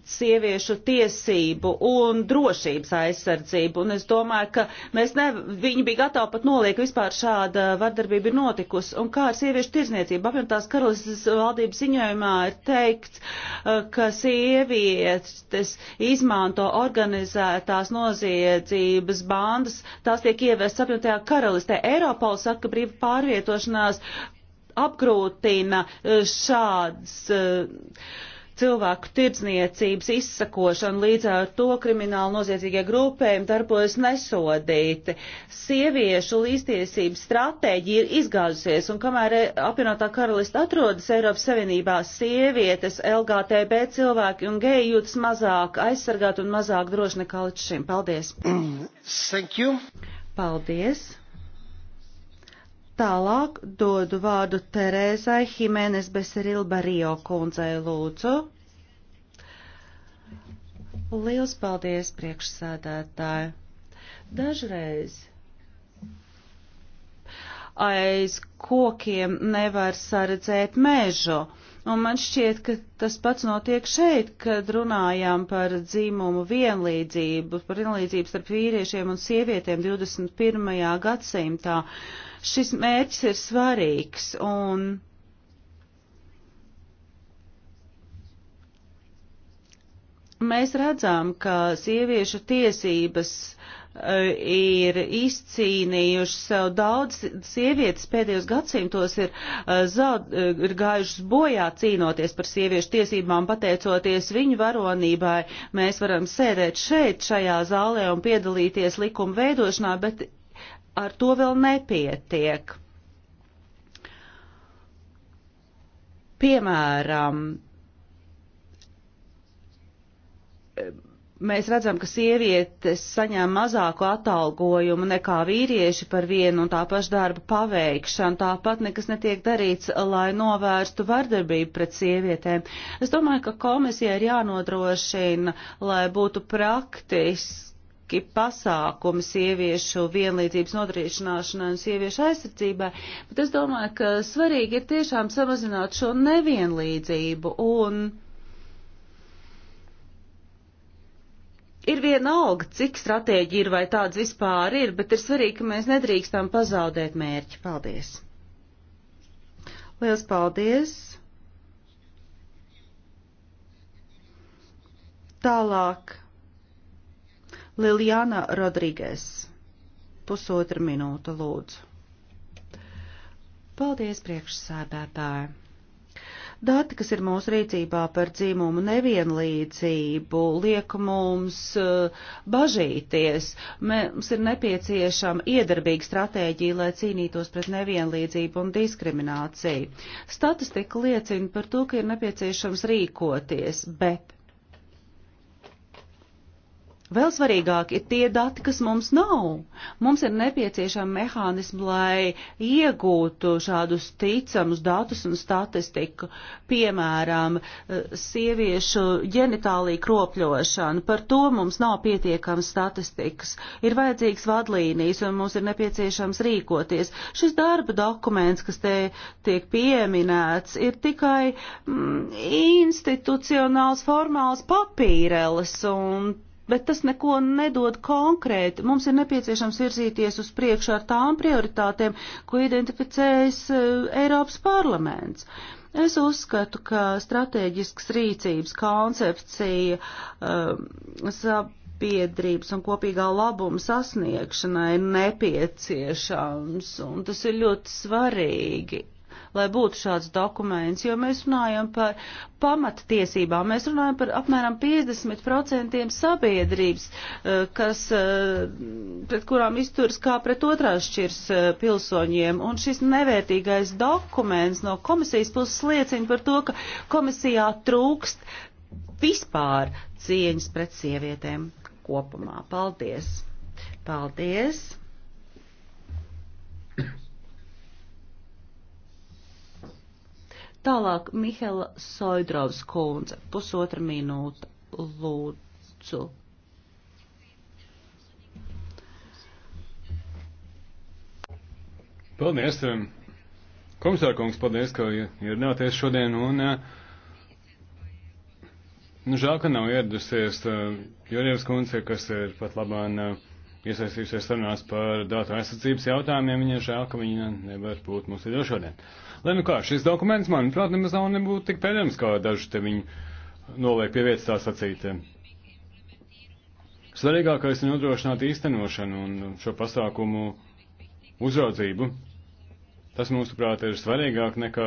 sieviešu tiesību un drošības aizsardzību. Un es domāju, ka mēs ne, viņi bija gatavi pat noliek vispār šāda vardarbība ir notikusi. Un kā ar sieviešu tirzniecību? Apvienotās karalistas valdības ziņojumā ir teikts, uh, ka sievietes izmanto organizētās noziedzības bandas, tās tiek ievestas apvienotajā karalistē. Eiropola saka, ka brīva pārvietošanās apgrūtina uh, šāds uh, cilvēku tirdzniecības izsakošanu, līdz ar to krimināli noziedzīgie grupējumi darbojas nesodīti. Sieviešu līdztiesības stratēģija ir izgāzusies, un kamēr e, apvienotā karalista atrodas Eiropas Savienībā, sievietes, LGTB cilvēki un geji jūtas mazāk aizsargāt un mazāk droši nekā līdz šim. Paldies! Thank you! Paldies! Tālāk dodu vārdu Terēzai Himēnes Beseril Barijo kundzei lūdzu. Liels paldies, priekšsēdētāji. Dažreiz aiz kokiem nevar saredzēt mežu. Un man šķiet, ka tas pats notiek šeit, kad runājām par dzīmumu vienlīdzību, par vienlīdzību starp vīriešiem un sievietēm 21. gadsimtā. Uh, Šis mērķis ir svarīgs un. Mēs redzam, ka sieviešu tiesības eh, ir izcīnījuši sev daudz sievietes pēdējos gadsimtos ir, eh, zaud, eh, ir gājušas bojā cīnoties par sieviešu tiesībām, pateicoties viņu varonībai. Mēs varam sēdēt šeit, šajā zālē un piedalīties likuma veidošanā, bet ar to vēl nepietiek. Piemēram, mēs redzam, ka sievietes saņem mazāku atalgojumu nekā vīrieši par vienu un tā pašu darbu paveikšanu. Tāpat nekas netiek darīts, lai novērstu vardarbību pret sievietēm. Es domāju, ka komisija ir jānodrošina, lai būtu praktiski vairāki pasākumi sieviešu vienlīdzības nodrošināšanai un sieviešu aizsardzībai, bet es domāju, ka svarīgi ir tiešām samazināt šo nevienlīdzību un ir vienalga, cik stratēģi ir vai tāds vispār ir, bet ir svarīgi, ka mēs nedrīkstam pazaudēt mērķi. Paldies! Liels paldies! Tālāk. Liljana Rodrīgēs. Pusotra minūte, lūdzu. Paldies, priekšsēdētāji! Dati, kas ir mūsu rīcībā par dzimumu nevienlīdzību, liek mums eh, bažīties. Mums ir nepieciešama iedarbīga stratēģija, lai cīnītos pret nevienlīdzību un diskrimināciju. Statistika liecina par to, ka ir nepieciešams rīkoties, bet Vēl svarīgāk ir tie dati, kas mums nav. Mums ir nepieciešama mehānismi, lai iegūtu šādus ticamus datus un statistiku, piemēram, eh, sieviešu ģenitālija kropļošana. Par to mums nav pietiekams statistikas. Ir vajadzīgs vadlīnijas un mums ir nepieciešams rīkoties. Šis darba dokuments, kas te tiek pieminēts, ir tikai mm, institucionāls, formāls papīrelis un bet tas neko nedod konkrēti. Mums ir nepieciešams virzīties uz priekšu ar tām prioritātēm, ko identificējas e, Eiropas parlaments. Es uzskatu, ka strateģisks rīcības koncepcija e, sabiedrības un kopīgā labuma sasniegšanai ir nepieciešams, un tas ir ļoti svarīgi lai būtu šāds dokuments, jo mēs runājam par pamattiesībām, mēs runājam par apmēram 50% sabiedrības, eh, kas, eh, pret kurām izturas kā pret otrās šķirs eh, pilsoņiem, un šis nevērtīgais dokuments no komisijas puses liecina par to, ka komisijā trūkst vispār cieņas pret sievietēm kopumā. Paldies! Paldies! Tālāk Mihela Soidrovs kundze, pusotra minūte, lūdzu. Paldies, um, komisārkungs, paldies, ka ieradāties šodien un uh, Nu, žēl, ka nav ieradusies uh, Jurijas kundze, kas ir pat labāk uh, iesaistījusies sarunās par datu aizsardzības jautājumiem, viņai žēl, ka viņa nevar būt mums video šodien. Lai nu kā, šis dokuments, manuprāt, nemaz nav nebūtu tik pēdējams, kā daži te viņu noliek pie vietas tā sacīt. Svarīgākais ir nodrošināt īstenošanu un šo pasākumu uzraudzību. Tas, mūsuprāt, ir svarīgāk nekā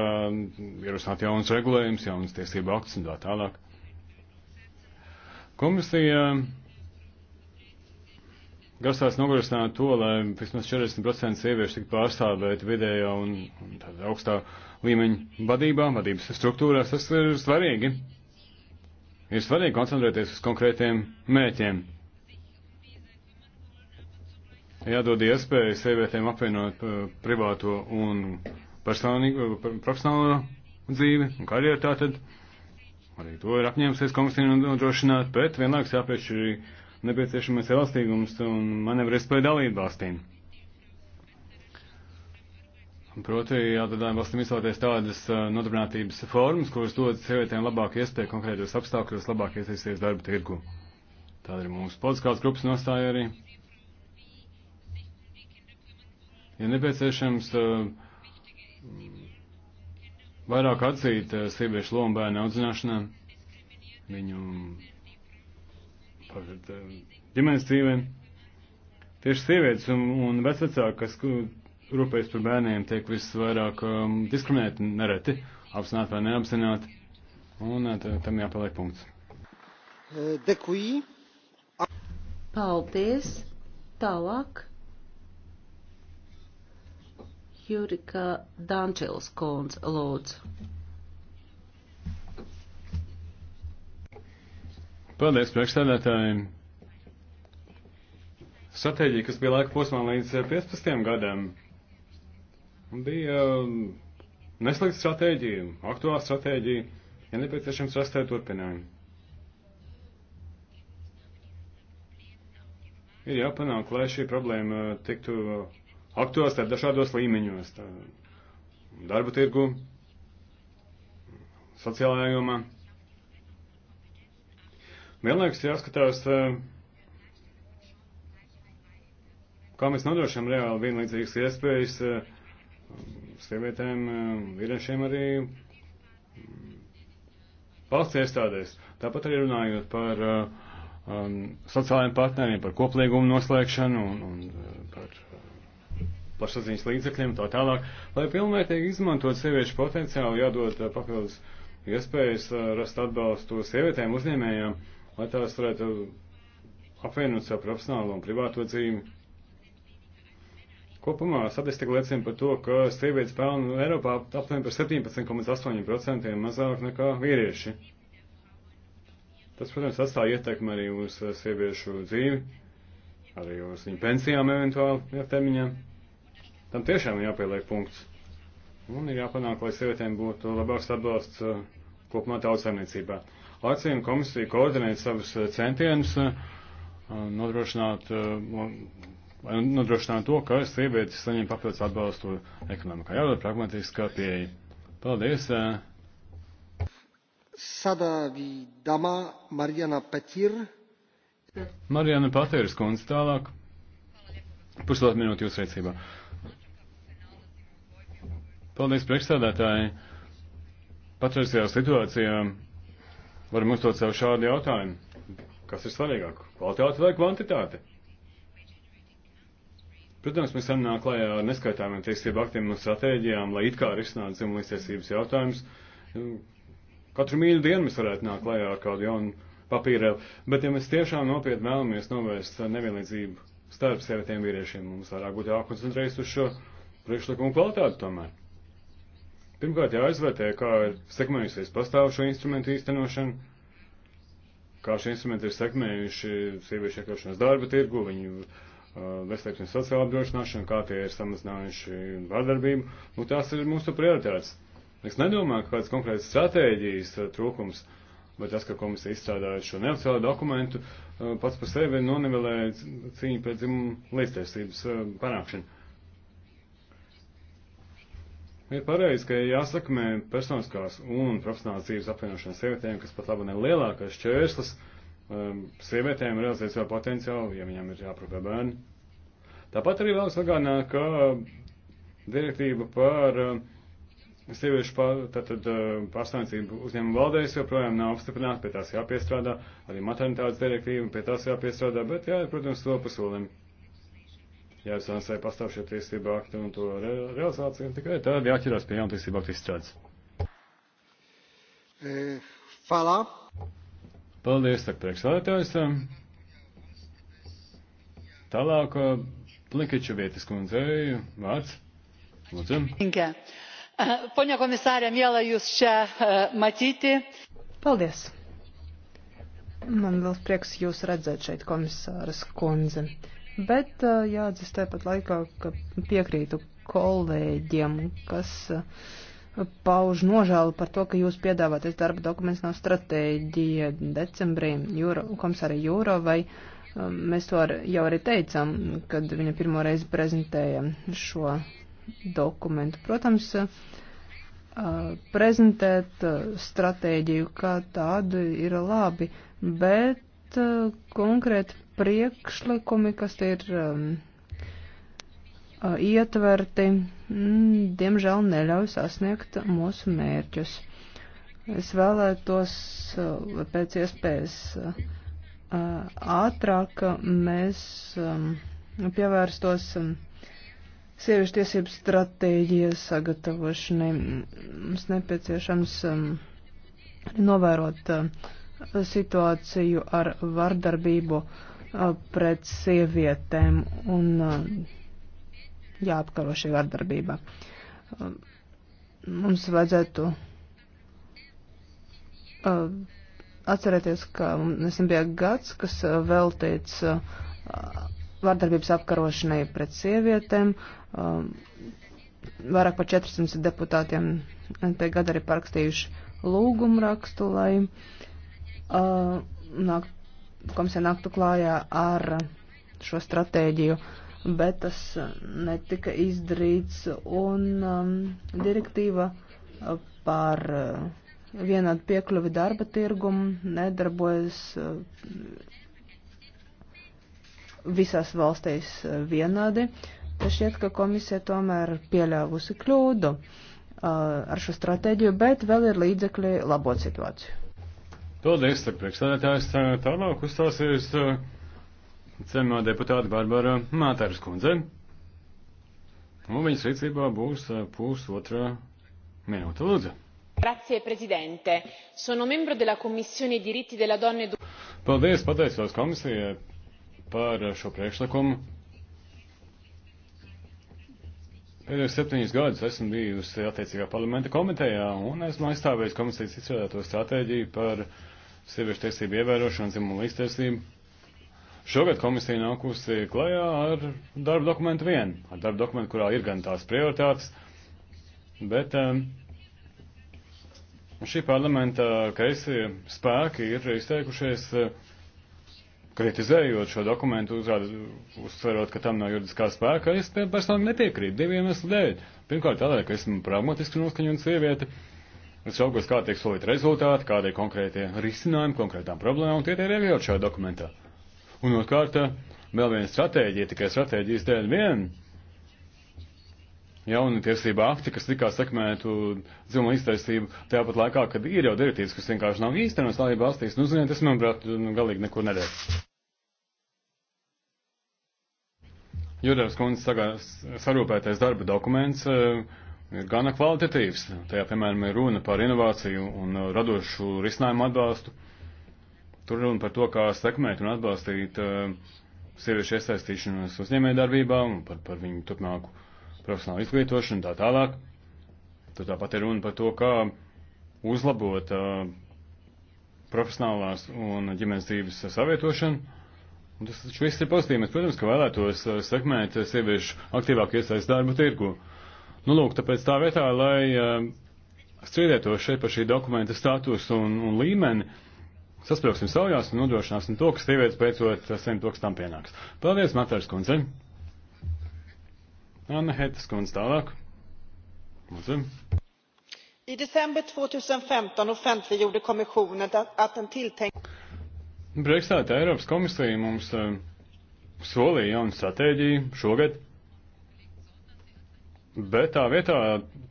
ierosināt jaunas regulējums, jaunas tiesību akts un tā tālāk. Komisija uh, grasās nogarināt to, lai vismaz 40% sieviešu tik pārstāvēt vidējā un, un tādā augstā līmeņa vadībā, vadības struktūrās. Tas ir svarīgi. Ir svarīgi koncentrēties uz konkrētiem mēķiem. Jādod iespēju sievietēm apvienot uh, privāto un personīgo, uh, profesionālo dzīvi un karjeru tātad. Arī to ir apņēmusies komisija nodrošināt, bet vienlaikus jāpiešķir arī nepieciešamais elastīgums un manevrēspēja dalību valstīm. Proti, jātadām valstīm izvēlēties tādas nodarbinātības formas, kuras dod sievietēm labāku iespēju konkrētos apstākļos labāk iesaistīties darba tirgu. Tāda ir mūsu politiskās grupas nostāja arī. Ja nepieciešams vairāk atzīt sieviešu lomu bērnu audzināšanā, viņu tātad, um, ģimenes dzīvē. Tieši sievietes un, un vecvecāki, kas rūpējas par bērniem, tiek visvairāk um, diskriminēti nereti, apzināti vai neapzināti. Un uh, tā, tam jāpaliek punkts. Uh, Dekuji. Paldies. Tālāk. Jurika Dančils kundze, lūdzu. Paldies, priekšstādātāji. Stratēģija, kas bija laika posmā līdz 15 gadam, bija um, neslikta stratēģija, aktuāla stratēģija, ja nepieciešams rastēt turpinājumu. Ir jāpanāk, lai šī problēma tiktu aktuāls ar dažādos līmeņos, tā, darba tirgu, sociālajā jomā. Vienlaikus jāskatās, eh, kā mēs nodrošam reāli vienlīdzīgas iespējas eh, sievietēm, eh, vīriešiem arī mm, valsts iestādēs. Tāpat arī runājot par um, sociālajiem partneriem, par koplīgumu noslēgšanu un, un par plašsaziņas līdzekļiem tā tālāk. Lai pilnvērtīgi izmantot sieviešu potenciālu, jādod papildus iespējas rast atbalstu sievietēm uzņēmējām lai tās varētu apvienot savu profesionālo un privāto dzīvi. Kopumā statistika liecina par to, ka sievietes pelna Eiropā aptuveni par 17,8% mazāk nekā vīrieši. Tas, protams, atstāja ietekmi arī uz eh, sieviešu dzīvi, arī uz viņu pensijām eventuāli ilgtermiņā. Tam tiešām ir jāpieliek punkts. Un ir jāpanāk, lai sievietēm būtu labāks atbalsts eh, kopumā tautsaimniecībā. Aicinu komisiju koordinēt savus eh, centienus, eh, nodrošināt, eh, nodrošināt to, ka sievietes saņem papildus atbalstu ekonomikā. Jādod pragmatiskā pieeja. Paldies! Sadavi Dama, Marijana Petir. Marijana Patirs, kundze tālāk. Puslāt minūte jūsu rīcībā. Paldies, priekšsēdētāji. Patreizajā situācijā Varam uzdot sev šādu jautājumu. Kas ir svarīgāk? Kvalitāte vai kvantitāte? Protams, mēs sanāk klājā ar neskaitāmiem tiesību aktiem un stratēģijām, lai it kā risinātu dzimumlīstiesības jautājumus. Nu, katru mīļu dienu mēs varētu nākt klājā ar kādu jaunu papīru, bet ja mēs tiešām nopietni vēlamies novērst nevienlīdzību starp sievietēm vīriešiem, mums vairāk būtu jākoncentrējas uz šo priekšlikumu kvalitāti tomēr. Pirmkārt, jāizvērtē, kā ir sekmējusies pastāvošo instrumentu īstenošana, kā šie instrumenti ir sekmējuši sieviešu iekļaušanas darba tirgu, viņu uh, veselības sociāla apdrošināšana, kā tie ir samazinājuši vardarbību. Nu, tās ir mūsu prioritātes. Es nedomāju, ka kāds konkrēts stratēģijas uh, trūkums vai tas, ka komisija izstrādāja šo neoficiālo dokumentu, uh, pats par sevi nonivelē cīņu pēc dzimumu līdztiesības uh, panākšanu. Ir pareizi, ka jāsakmē personiskās un profesionālās dzīves apvienošana sievietēm, kas pat labi ir lielākais čērslis, um, sievietēm realizēt savu potenciālu, ja viņām ir jāprūpē bērni. Tāpat arī vēlas atgādināt, ka direktīva par uh, sieviešu um, pārstāvniecību uzņēmumu valdēs joprojām nav apstiprināta, pie tās jāpiestrādā, arī maternitātes direktīva, pie tās jāpiestrādā, bet jā, protams, to pasolim jāizsāsē pastāvšie tiesību akti un to re realizāciju, un tikai tad jāķerās pie jauntiesību aktu izstrādes. E, falā. Paldies, saka priekšsādātājs. Tālāk Plinkiča vietas kundzei vārds. Lūdzu. E, Poņa komisārė, mėla jūs čia e, matyti. Paldies. Man liels prieks jūs redzēt šeit, komisāras kundze. Bet jāatzīst tāpat laikā, ka piekrītu kolēģiem, kas pauž nožēlu par to, ka jūs piedāvātais darba dokuments nav stratēģija decembrī, jūra, komisāri Jūro, vai mēs to ar, jau arī teicām, kad viņa pirmo reizi prezentēja šo dokumentu. Protams, prezentēt stratēģiju kā tādu ir labi, bet uh, konkrēti priekšlikumi, kas ir um, uh, ietverti, mm, diemžēl neļauj sasniegt mūsu mērķus. Es vēlētos uh, pēc iespējas uh, ātrāk mēs um, pievērstos um, sieviešu tiesību stratēģijas sagatavošanai. Mums nepieciešams um, novērot uh, situāciju ar vardarbību pret sievietēm un jāapkaro šī vardarbība. Mums vajadzētu atcerēties, ka nesen bija gads, kas veltīts vardarbības apkarošanai pret sievietēm. Vairāk par 400 deputātiem te gadu arī parakstījuši lūgumu rakstu, lai uh, nāk, komisija nāktu klājā ar šo stratēģiju, bet tas netika izdarīts, un um, direktīva par vienādu piekļuvi darba tirgumu nedarbojas visās valstīs vienādi. Tas šķiet, ka komisija tomēr pieļāvusi kļūdu ar šo stratēģiju, bet vēl ir līdzekļi labot situāciju. Paldies, priekšstādātājs. Tālāk uzstāsies cenumā deputāta Barbara Mātāras kundze. Un viņas rīcībā būs pusotra minūte. Lūdzu. Grazie, prezidente. Sono membro della Commissione diritti della donna e... Paldies, pateicos komisijai par šo priekšlikumu. Pēdējos septiņus gadus esmu bijusi attiecīgā parlamenta komitejā un esmu aizstāvējis komisijas izstrādāto stratēģiju par sieviešu tiesību ievērošanu, dzimumu līdztiesību. Šogad komisija nākusi klajā ar darbu dokumentu vienu, ar darbu dokumentu, kurā ir gan tās prioritātes, bet um, šī parlamenta kreisie spēki ir izteikušies uh, kritizējot šo dokumentu, uzrāda, uzsverot, ka tam nav juridiskā spēka, es personīgi nepiekrītu diviem eslu dēļ. Pirmkārt, tādēļ, ka esmu pragmatiski noskaņota sieviete. Es raugos, kā tiek solīti rezultāti, kādi ir konkrētie risinājumi konkrētām problēmām, un tie ir iekļauti šajā dokumentā. Un otrkārt, vēl viena stratēģija, tikai stratēģijas dēļ vien jauni tiesība akti, kas tikā sekmētu dzimumu iztaisību, tajāpat laikā, kad ir jau direktīvas, kas vienkārši nav īstenas dalība valstīs, nu, ziniet, tas, manuprāt, nu, galīgi nekur nedēļ. Jodevs kundze sarūpētais darba dokuments eh, ir gana kvalitatīvs. Tajā, piemēram, ir runa par inovāciju un eh, radošu risinājumu atbalstu. Tur runa par to, kā sekmēt un atbalstīt eh, sieviešu iesaistīšanos uzņēmē darbībā un par, par viņu turpmāku profesionālu izglītošanu un tā tālāk. Tur tāpat ir runa par to, kā uzlabot uh, profesionālās un ģimenes dzīves savietošanu. Un tas taču viss ir pozitīvi. Mēs, protams, ka vēlētos uh, sekmēt uh, sieviešu aktīvāk iesaist darba tirgu. Nu, lūk, tāpēc tā vietā, lai uh, strīdētos šeit par šī dokumenta statusu un, un līmeni, sasprāksim savās un nodrošināsim to, ka sievietes beidzot uh, saviem tokstām pienāks. Paldies, Matārs Kundzei! Anna Hetas kundze tālāk. Lūdzu. I december 2015 offentliggjorde kommissionen att den tilltänkta... Brexit Eiropas komisija mums uh, solīja jaunu stratēģiju šogad, bet tā vietā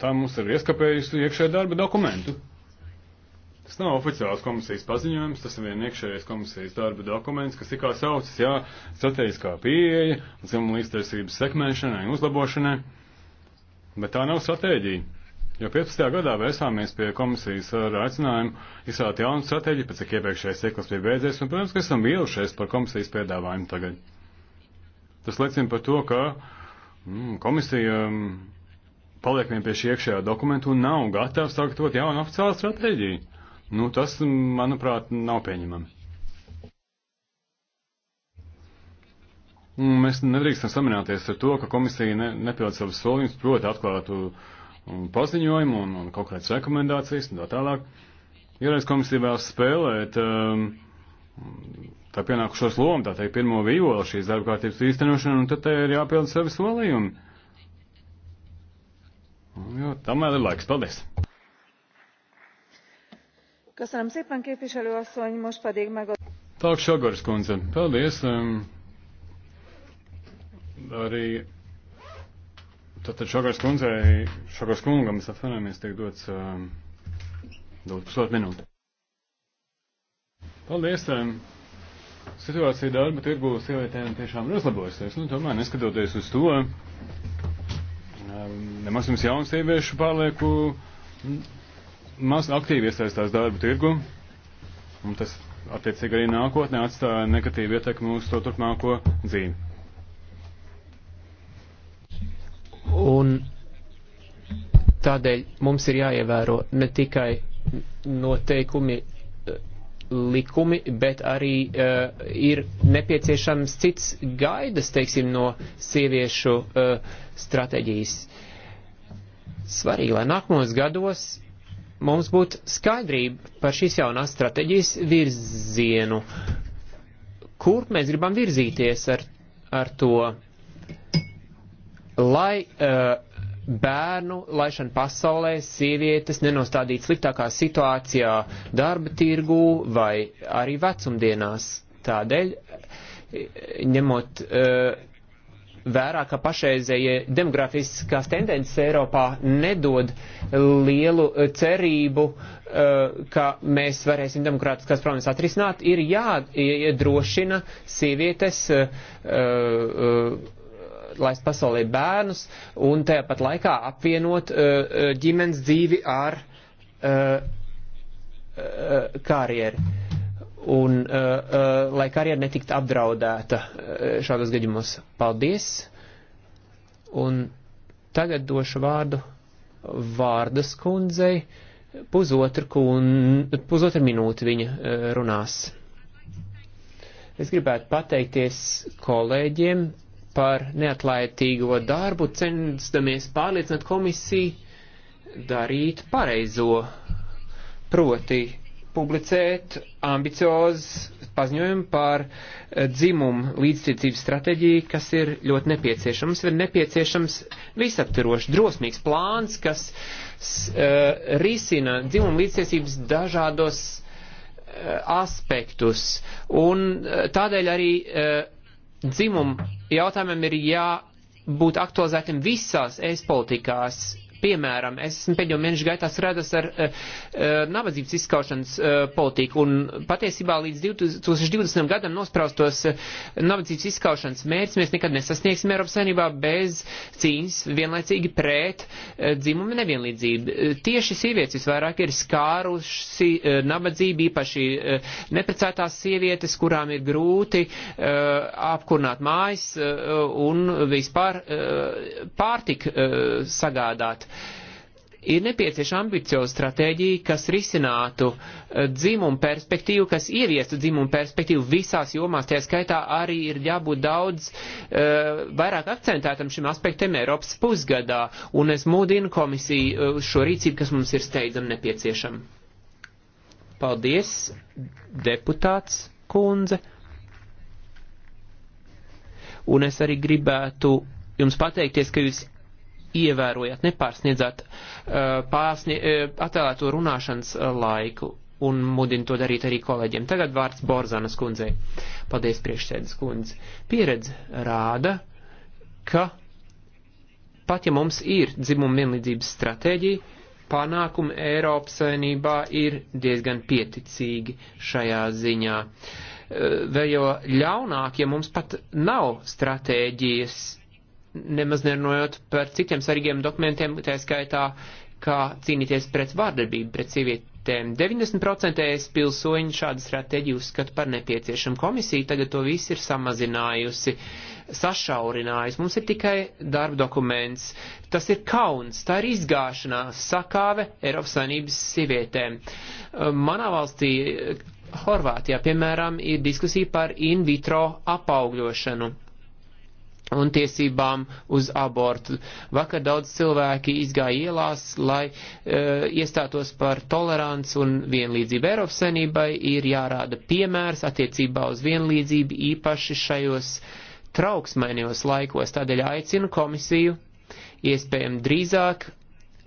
tā mums ir ieskapējusi iekšē darba dokumentu. Tas nav oficiāls komisijas paziņojums, tas ir vien iekšējais komisijas darba dokuments, kas tikā saucas, jā, strateģiskā pieeja, dzimuma līdztiesības sekmēšanai un uzlabošanai, bet tā nav stratēģija. Jo 15. gadā vērsāmies pie komisijas ar aicinājumu izsākt jaunu stratēģiju, pēc cik iepriekšējais cikls bija beidzies, un, protams, ka esam vīlušies par komisijas piedāvājumu tagad. Tas liecina par to, ka mm, komisija mm, paliek vien pie šī iekšējā dokumentu un nav gatava sagatavot jaunu oficiālu stratēģiju. Nu, tas, manuprāt, nav pieņemami. Mēs nedrīkstam samierināties ar to, ka komisija ne, nepild savus solījumus, proti atklātu um, paziņojumu un, un kaut kādas rekomendācijas un tā tālāk. Iereiz komisija vēlas spēlēt um, tā pienākušos lomu, tā teikt, pirmo vīvolu šīs darba kārtības īstenošanu, un tad te ir jāpild savi solījumi. Jo, tamēr ir laiks. Paldies! Köszönöm szépen, képviselő asszony, most pedig meg a... Tālāk Šogars kundze. Paldies. Um, arī tātad Šogars kundzei, Šogars kungam, es atvainojos, tiek dots, um, dots pusotru minūti. Paldies. Um, situācija darba tirgu sievietēm tiešām ir uzlabojusies. Nu, tomēr, neskatoties uz to, um, nemaz jums jaunu sieviešu pārlieku maz aktīvi iesaistās darba tirgu, un tas attiecīgi arī nākotnē atstāja negatīvu ietekmi uz to turpmāko dzīvi. Un tādēļ mums ir jāievēro ne tikai noteikumi, likumi, bet arī uh, ir nepieciešams cits gaidas, teiksim, no sieviešu uh, stratēģijas. Svarīgi, lai nākamos gados mums būtu skaidrība par šīs jaunās stratēģijas virzienu. Kur mēs gribam virzīties ar, ar to, lai uh, bērnu laišana pasaulē sievietes nenostādīt sliktākā situācijā darba tirgū vai arī vecumdienās. Tādēļ, eh, ņemot uh, vērā, ka pašreizējie demografiskās tendences Eiropā nedod lielu eh, cerību, eh, ka mēs varēsim demokrātiskās problēmas atrisināt, ir jāiedrošina sievietes eh, laist pasaulē bērnus un tāpat laikā apvienot ģimenes dzīvi ar karjeru un uh, uh, lai karjera netiktu apdraudēta uh, šādos gadījumos. Paldies! Un tagad došu vārdu vārdas kundzei. Pusotru, kun, pusotru minūti viņa uh, runās. Es gribētu pateikties kolēģiem par neatlaitīgo darbu, censdamies pārliecināt komisiju darīt pareizo. Proti, publicēt ambiciozu paziņojumu par eh, dzimumu līdzcīcības stratēģiju, kas ir ļoti nepieciešams. Ir nepieciešams visaptverošs, drosmīgs plāns, kas uh, risina dzimumu līdzcīcības dažādos uh, aspektus. Un uh, tādēļ arī uh, dzimumu jautājumam ir jābūt aktualizētiem visās es politikās, Piemēram, es esmu pēdējo mēnešu gaitā strādājis ar uh, nabadzības izskaušanas uh, politiku un patiesībā līdz 2020. gadam nospraustos uh, nabadzības izskaušanas mērķis mēs nekad nesasniegsim Eiropas Savienībā bez cīņas vienlaicīgi pret uh, dzimumu nevienlīdzību. Uh, tieši sievietes visvairāk ir skārusi uh, nabadzību, īpaši uh, neprecētās sievietes, kurām ir grūti uh, apkurnāt mājas uh, un vispār uh, pārtika uh, sagādāt ir nepieciešama ambicioza stratēģija, kas risinātu eh, dzimumu perspektīvu, kas ieviestu dzimumu perspektīvu visās jomās. Tajā skaitā arī ir jābūt daudz uh, vairāk akcentētam šim aspektam Eiropas pusgadā, un es mūdinu komisiju eh, uz šo rīcību, kas mums ir steidzam nepieciešama. Paldies, deputāts kundze. Un es arī gribētu jums pateikties, ka jūs ievērojāt, nepārsniedzāt eh, pārsnie, eh, atēlēto runāšanas eh, laiku un mudinu to darīt arī kolēģiem. Tagad vārds Borzanas kundzei. Paldies, priekšsēdes kundze. Pieredze rāda, ka pat ja mums ir dzimuma vienlīdzības stratēģija, panākumi Eiropas savinībā ir diezgan pieticīgi šajā ziņā. Vēl jo ļaunāk, ja mums pat nav stratēģijas nemaz nerunājot par citiem svarīgiem dokumentiem, tā skaitā, kā cīnīties pret vārdarbību, pret sievietēm. 90% es pilsoņu šādu stratēģiju uzskatu par nepieciešamu. Komisija tagad to visu ir samazinājusi, sašaurinājusi. Mums ir tikai darba dokuments. Tas ir kauns, tā ir izgāšanās, sakāve Eiropas Savienības sievietēm. Manā valstī, Horvātijā, piemēram, ir diskusija par in vitro apaugļošanu un tiesībām uz abortu. Vakar daudz cilvēki izgāja ielās, lai e, iestātos par tolerants un vienlīdzību. Eiropas senībai ir jārāda piemērs attiecībā uz vienlīdzību īpaši šajos trauksmainajos laikos. Tādēļ aicinu komisiju iespējami drīzāk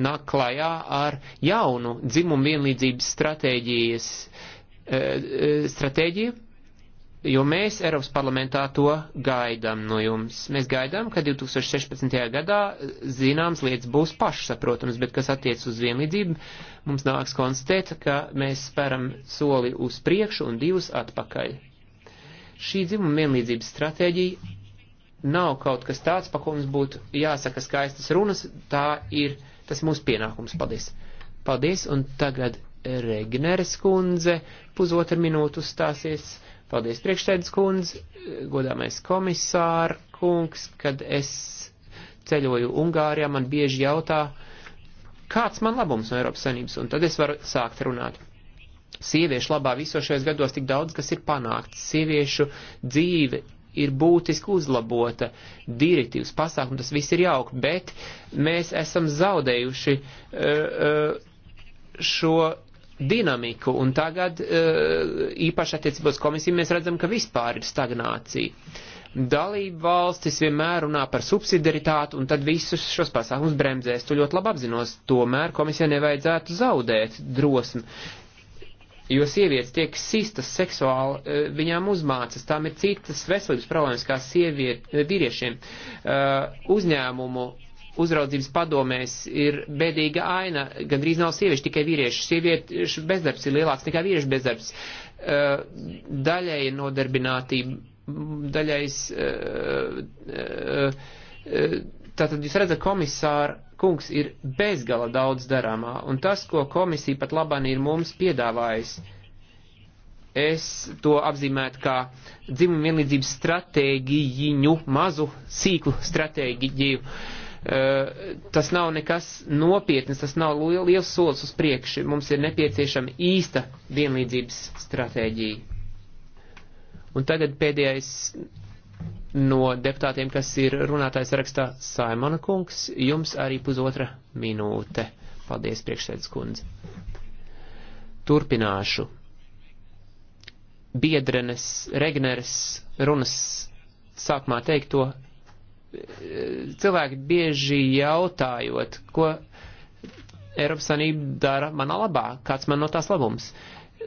nāk klajā ar jaunu dzimumu vienlīdzības stratēģijas, e, e, stratēģiju jo mēs Eiropas parlamentā to gaidām no jums. Mēs gaidām, ka 2016. gadā zināms lietas būs pašsaprotams, bet kas attiec uz vienlīdzību, mums nāks konstatēt, ka mēs speram soli uz priekšu un divus atpakaļ. Šī dzimuma vienlīdzības stratēģija nav kaut kas tāds, pa ko mums būtu jāsaka skaistas runas, tā ir, tas mūsu pienākums. Paldies! Paldies, un tagad Regneres kundze pusotru minūtu stāsies. Paldies priekšsēdus kundz, godāmais komisār kungs, kad es ceļoju Ungārijā, man bieži jautā, kāds man labums no Eiropas Savienības, un tad es varu sākt runāt. Sieviešu labā visos šajos gados tik daudz, kas ir panākts. Sieviešu dzīve ir būtiski uzlabota, direktīvas pasākumi, tas viss ir jauki, bet mēs esam zaudējuši uh, uh, šo dinamiku, un tagad eh, īpaši attiecībos komisiju mēs redzam, ka vispār ir stagnācija. Dalība valstis vienmēr runā par subsidiaritāti, un tad visus šos pasākumus bremzēs. Tu ļoti labi apzinos, tomēr komisija nevajadzētu zaudēt drosmi. Jo sievietes tiek sistas seksuāli, eh, viņām uzmācas, tām ir citas veselības problēmas kā sieviet, eh, vīriešiem. Uzņēmumu uzraudzības padomēs ir bēdīga aina, gandrīz nav sieviešu, tikai vīriešu. Sieviešu bezdarbs ir lielāks nekā vīriešu bezdarbs. Eh, Daļai nodarbinātība, daļais. Eh, eh, tātad jūs redzat, komisāra kungs ir bezgala daudz darāmā, un tas, ko komisija pat labāk ir mums piedāvājis, es to apzīmētu kā dzimuma vienlīdzības stratēģiju, mazu, sīklu stratēģiju. Uh, Eh, tas nav nekas nopietnas, tas nav liels solis uz priekšu. Mums ir nepieciešama īsta vienlīdzības stratēģija. Un tagad pēdējais no deputātiem, kas ir runātājs rakstā Saimona kungs, jums arī pusotra minūte. Paldies, priekšsēdus kundze. Turpināšu. Biedrenes, Regneres runas sākumā teikto cilvēki bieži jautājot, ko Eiropas Sanība dara manā labā, kāds man no tās labums.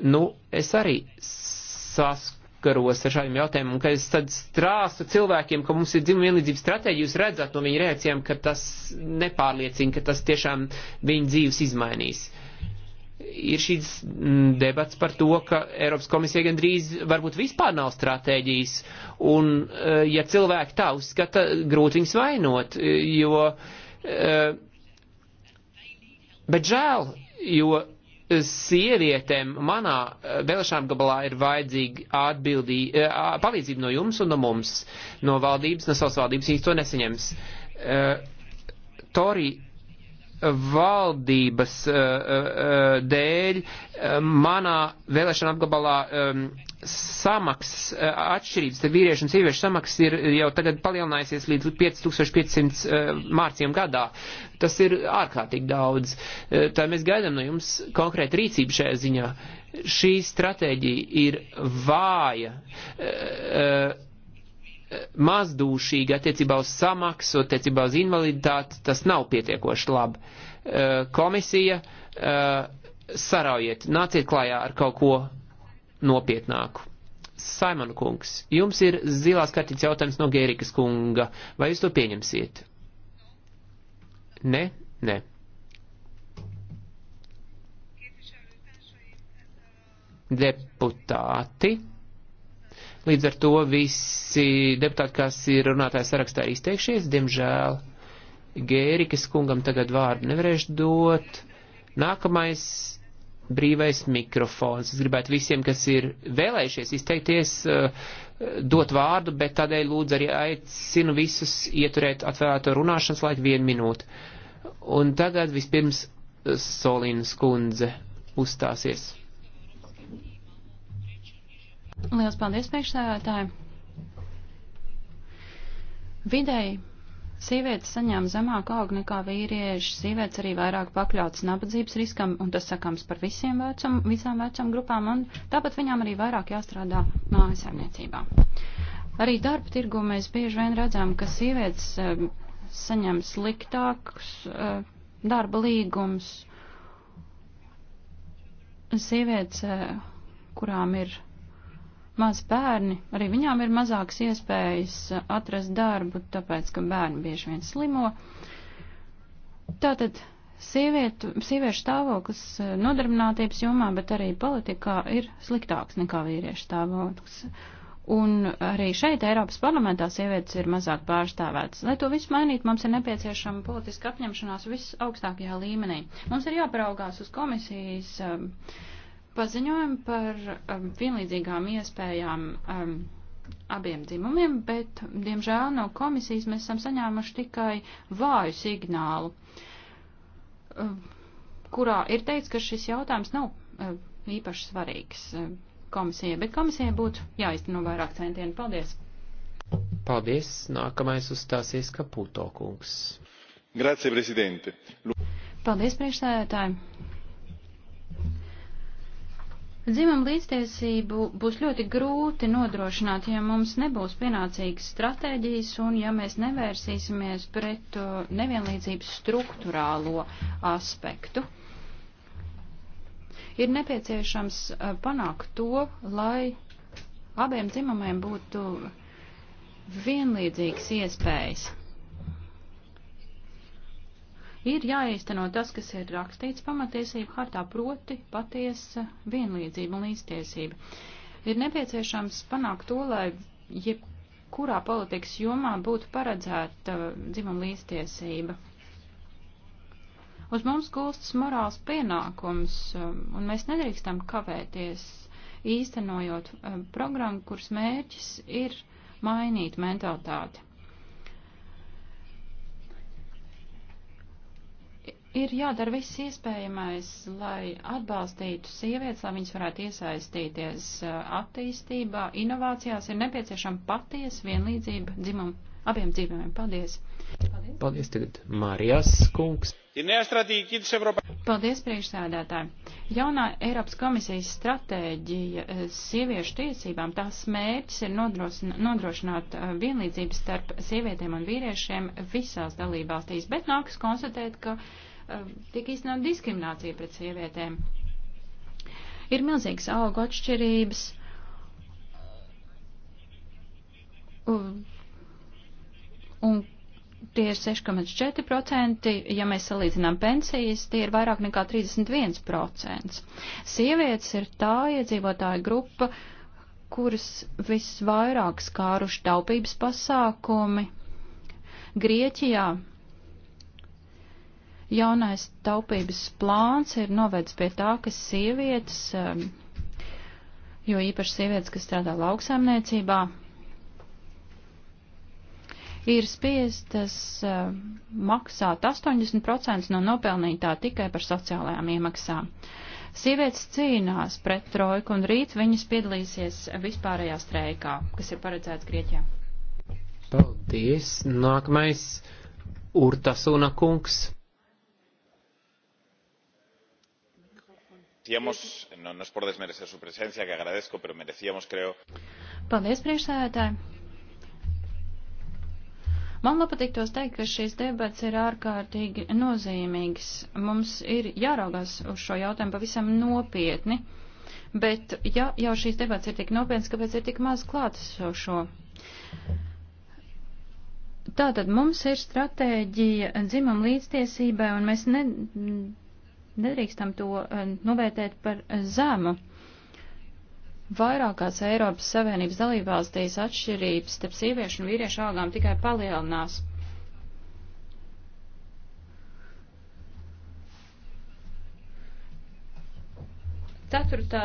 Nu, es arī saskaros ar šādiem jautājumiem, un kad es tad strāstu cilvēkiem, ka mums ir dzimuma vienlīdzības stratēģija, jūs redzat no viņu reakcijām, ka tas nepārliecina, ka tas tiešām viņu dzīves izmainīs. Uh, ir šīs mm, debats par to, ka Eiropas komisija gan drīz varbūt vispār nav stratēģijas, un e, ja cilvēki tā uzskata, grūti viņus vainot, e, jo, e, bet žēl, jo sievietēm manā vēlēšana gabalā ir vajadzīga atbildība, palīdzība no jums un no mums, no valdības, no savas valdības, viņas to nesaņems. Tori valdības eh, eh, dēļ eh, manā vēlēšana apgabalā ehm, samaksas atšķirības, tad vīriešu un sieviešu samaksas ir jau tagad palielinājusies līdz 5500 mārciņām gadā. Tas ir ārkārtīgi daudz. Tā mēs gaidām no jums konkrēta rīcība šajā ziņā. Šī stratēģija ir vāja mazdūšīgi attiecībā uz samaksu, attiecībā uz invaliditāti, tas nav pietiekoši labi. Eh, komisija, eh, saraujiet, nāciet klājā ar kaut ko nopietnāku. Saimon kungs, jums ir zilās kartītes jautājums no Gērikas kunga. Vai jūs to pieņemsiet? Ne? Ne. Deputāti. Līdz ar to visi deputāti, kas ir runātāju sarakstā izteikšies, diemžēl Gērikas kungam tagad vārdu nevarēšu dot. Nākamais brīvais mikrofons. Es gribētu visiem, kas ir vēlējušies izteikties, eh, dot vārdu, bet tādēļ lūdzu arī aicinu visus ieturēt atvēlēto runāšanas laiku vienu minūtu. Un tagad vispirms Solīnas kundze uzstāsies. Liels paldies, priekšsēdētāji! Vidēji sievietes saņem zemāku augu nekā vīrieši, sievietes arī vairāk pakļautas nabadzības riskam, un tas sakams par visiem vecam, visām vecām grupām, un tāpat viņām arī vairāk jāstrādā mājasaimniecībā. Arī darba tirgu mēs bieži vien redzam, ka sievietes uh, saņem sliktākus uh, darba līgumus, sievietes, uh, kurām ir mazi bērni, arī viņām ir mazākas iespējas atrast darbu, tāpēc, ka bērni bieži vien slimo. Tātad sievietu, sieviešu stāvoklis eh, nodarbinātības jomā, bet arī politikā ir sliktāks nekā vīriešu stāvoklis. Un arī šeit Eiropas parlamentā sievietes ir mazāk pārstāvētas. Lai to visu mainītu, mums ir nepieciešama politiska apņemšanās visaugstākajā līmenī. Mums ir jāparaugās uz komisijas uh, paziņojumu par um, vienlīdzīgām iespējām um, abiem dzimumiem, bet, diemžēl, no komisijas mēs esam saņēmuši tikai vāju signālu, um, kurā ir teikts, ka šis jautājums nav um, īpaši svarīgs um, komisijai, bet komisijai būtu jāizteno vairāk centienu. Paldies! Paldies! Nākamais uzstāsies Kaputo kungs. Grazie, prezidente! Paldies, priekšsēdētāji! Dzimam līdztiesību būs ļoti grūti nodrošināt, ja mums nebūs pienācīgas stratēģijas un ja mēs nevērsīsimies pret uh, nevienlīdzības struktūrālo aspektu ir nepieciešams uh, panākt to, lai abiem dzimumiem būtu vienlīdzīgas iespējas ir jāīsteno tas, kas ir rakstīts pamatiesību hartā, proti patiesa vienlīdzība un līdztiesība. Ir nepieciešams panākt to, lai jebkurā politikas jomā būtu paredzēta dzimuma līdztiesība. Uz mums gulstas morāls pienākums, um, un mēs nedrīkstam kavēties īstenojot um, programmu, kuras mērķis ir mainīt mentalitāti. ir jādara viss iespējamais, lai atbalstītu sievietes, lai viņas varētu iesaistīties attīstībā, inovācijās, ir nepieciešama patiesa vienlīdzība dzimam, abiem dzīvumiem. Paldies! Paldies, Paldies tagad Marijas kungs. Paldies, priekšsēdētāji. Jaunā Eiropas komisijas stratēģija sieviešu tiesībām, tās mērķis ir nodrošināt vienlīdzību starp sievietēm un vīriešiem visās dalībvalstīs, bet nākas konstatēt, ka Um, tika īstenot diskriminācija pret sievietēm. Ir milzīgas augu atšķirības. Un tie ir 6,4%, ja mēs salīdzinām pensijas, tie ir vairāk nekā 31%. Sievietes ir tā iedzīvotāja grupa, kuras visvairāk skāruši taupības pasākumi. Grieķijā Jaunais taupības plāns ir novedis pie tā, ka sievietes, um, jo īpaši sievietes, kas strādā lauksaimniecībā, ir spiestas um, maksāt 80% no nopelnītā tikai par sociālajām iemaksām. Sievietes cīnās pret trojku un rīt viņas piedalīsies vispārējā streikā, kas ir paredzēts Grieķijā. Paldies. Nākamais Urtasuna kungs. merecíamos, no, no es por desmerecer su presencia, que agradezco, pero merecíamos, creo. Paldies, priekšsēdētāji. Man patiktos teikt, ka šīs debats ir ārkārtīgi nozīmīgas. Mums ir jāraugās uz šo jautājumu pavisam nopietni, bet ja jau šīs debats ir tik nopietnas, kāpēc ir tik maz klātesošo? Tātad mums ir stratēģija dzimam līdztiesībai, un mēs ne, Nedrīkstam to eh, novērtēt par zemu. Vairākās Eiropas Savienības dalībvalstīs atšķirības starp sieviešu un vīriešu algām tikai palielinās. Ceturtā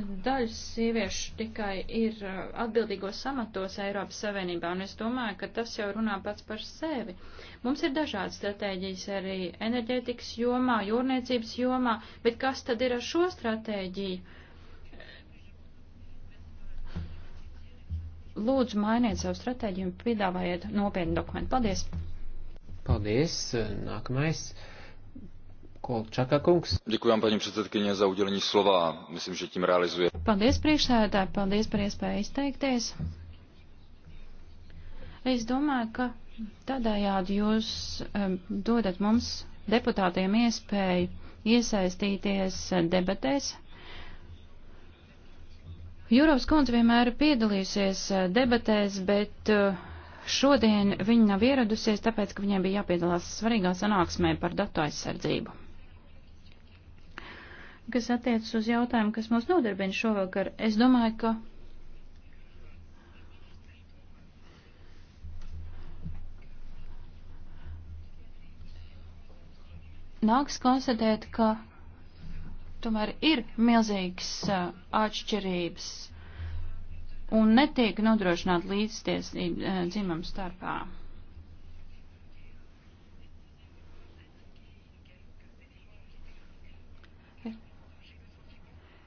daļas sieviešu tikai ir uh, atbildīgos amatos Eiropas Savienībā, un es domāju, ka tas jau runā pats par sevi. Mums ir dažādas stratēģijas arī enerģētikas jomā, jūrniecības jomā, bet kas tad ir ar šo stratēģiju? Lūdzu, mainiet savu stratēģiju un piedāvājiet nopietnu dokumentu. Paldies! Paldies! Nākamais. Uh, Kolčaka kungs. Dikujām, paņem predsedkiņē, za udelenī slovā. Myslím, že tím realizuje. Paldies, priekšsēdētāji, paldies par iespēju izteikties. Es domāju, ka tādējādi jūs um, dodat mums, deputātiem, iespēju iesaistīties debatēs. Jūrovs kundze vienmēr ir piedalījusies eh, debatēs, bet uh, Šodien viņa nav ieradusies, tāpēc, ka viņai bija jāpiedalās svarīgā sanāksmē par datu aizsardzību kas attiecas uz jautājumu, kas mūs nodarbina šovakar. Es domāju, ka nāks konstatēt, ka tomēr ir milzīgas uh, atšķirības un netiek nodrošināta līdztiesība uh, dzimam starpā.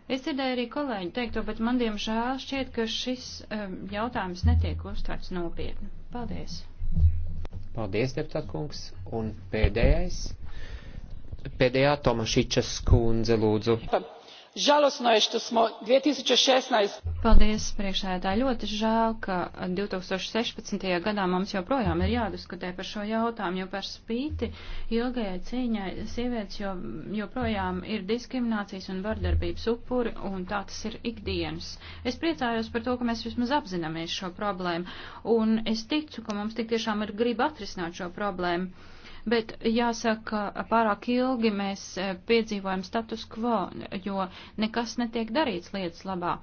Es dzirdēju arī kolēģi teikto, bet man diemžēl šķiet, ka šis um, jautājums netiek uztverts nopietni. Paldies! Paldies, deputāt kungs! Un pēdējais, pēdējā Tomašičas kundze lūdzu. Pa žalosno je što smo. two thousand and sixteen paldies priekšsēdētāj ļoti žēl ka 2016. gadā mums joprojām ir jādiskutē par šo jautājumu jo par spīti ilgajai cīņai sievietes jo, joprojām ir diskriminācijas un vardarbības upuri un tā tas ir ikdienas. Es priecājos par to, ka mēs vismaz apzināmies šo problēmu un es ticu, ka mums tik tiešām ir grib atrisināt šo problēmu bet jāsaka, pārāk ilgi mēs eh, piedzīvojam status quo, jo nekas netiek darīts lietas labā.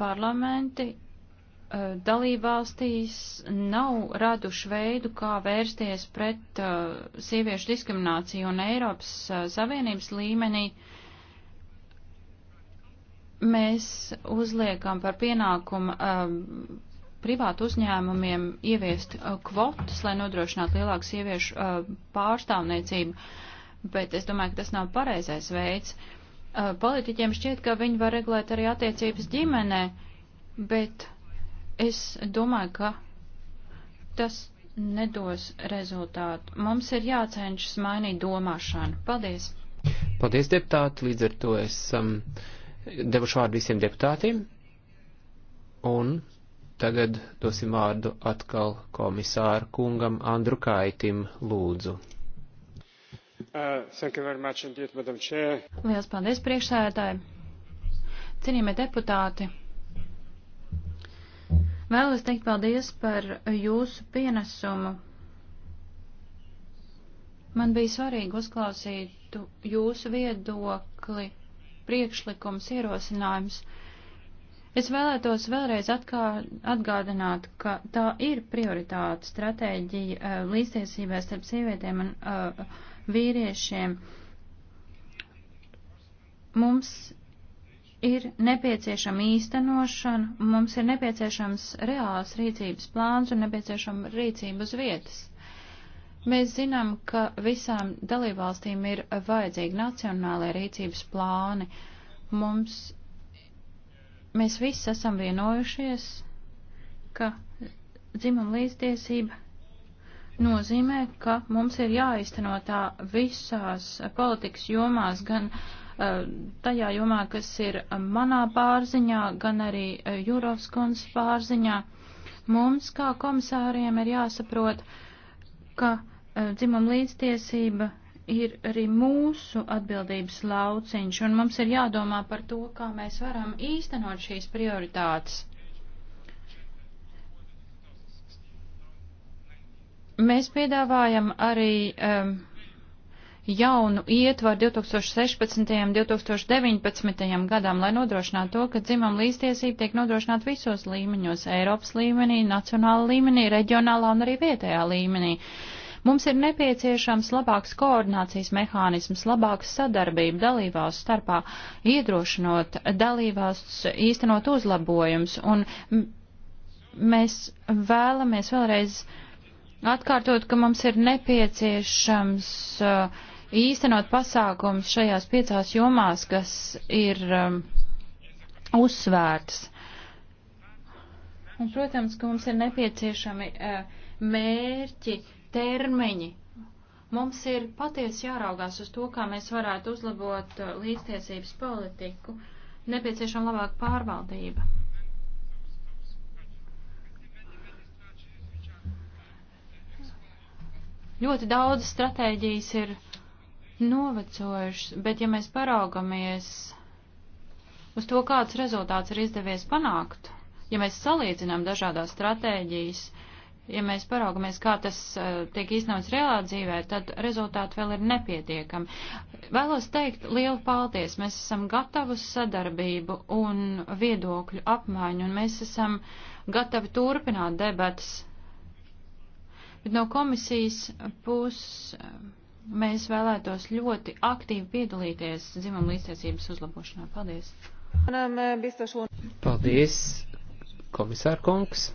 Parlamenti eh, dalībvalstīs nav raduši veidu, kā vērsties pret uh, sieviešu diskrimināciju un Eiropas uh, Savienības līmenī. Mēs uzliekam par pienākumu uh, privātu uzņēmumiem ieviest uh, kvotas, lai nodrošinātu lielāku sieviešu uh, pārstāvniecību, bet es domāju, ka tas nav pareizais veids. Uh, politiķiem šķiet, ka viņi var regulēt arī attiecības ģimenē, bet es domāju, ka tas nedos rezultātu. Mums ir jācenšas mainīt domāšanu. Paldies! Paldies, deputāti! Līdz ar to es um, devušu vārdu visiem deputātiem. Un Tagad dosim vārdu atkal komisāru kungam Andru Kaitim lūdzu. Uh, indeed, Lielas paldies priekšsēdētāji. Cienījamie deputāti, vēlos teikt paldies par jūsu pienesumu. Man bija svarīgi uzklausīt jūsu viedokli, priekšlikums, ierosinājums. Uh, Es vēlētos vēlreiz atgādināt, ka tā ir prioritāte stratēģija uh, līdztiesībai starp sievietēm un uh, vīriešiem. Mums ir nepieciešama īstenošana, mums ir nepieciešams reāls rīcības plāns un nepieciešama rīcība uz vietas. Mēs zinām, ka visām dalībvalstīm ir vajadzīgi nacionālai rīcības plāni. Mums mēs visi esam vienojušies, ka dzimuma līdztiesība nozīmē, ka mums ir jāizteno tā visās politikas jomās, gan uh, tajā jomā, kas ir manā pārziņā, gan arī uh, Jurovskundas pārziņā. Mums, kā komisāriem, ir jāsaprot, ka uh, dzimuma līdztiesība ir arī mūsu atbildības lauciņš, un mums ir jādomā par to, kā mēs varam īstenot šīs prioritātes. Mēs piedāvājam arī um, jaunu ietvaru 2016. un 2019. gadam, lai nodrošinātu to, ka dzimam līdztiesība tiek nodrošināta visos līmeņos - Eiropas līmenī, nacionāla līmenī, reģionālā un arī vietējā līmenī. Uh, Mums ir nepieciešams labāks koordinācijas mehānisms, labāks sadarbība dalībās starpā, iedrošinot dalībās īstenot uzlabojums. Un mēs vēlamies vēlreiz atkārtot, ka mums ir nepieciešams uh, īstenot pasākums šajās piecās jomās, kas ir um, uzsvērts. Un, protams, ka mums ir nepieciešami uh, mērķi, termiņi. Mums ir patiesi jāraugās uz to, kā mēs varētu uzlabot uh, līdztiesības politiku. Nepieciešama labāka pārvaldība. Ļoti daudz stratēģijas ir novecojušas, bet ja mēs paraugamies uz to, kāds rezultāts ir izdevies panākt, ja mēs salīdzinām dažādās stratēģijas, ja mēs paraugamies, kā tas uh, tiek īstenots reālā dzīvē, tad rezultāti vēl ir nepietiekami. Vēlos teikt lielu paldies. Mēs esam gatavi uz sadarbību un viedokļu apmaiņu, un mēs esam gatavi turpināt debatas. Bet no komisijas puses eh, mēs vēlētos ļoti aktīvi piedalīties dzimumu līdztiesības uzlabošanā. Paldies! Eh, paldies, komisārkungs,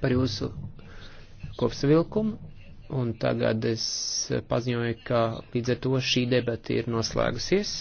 par jūsu kopsavilkumu, un tagad es paziņoju, ka līdz ar to šī debata ir noslēgusies.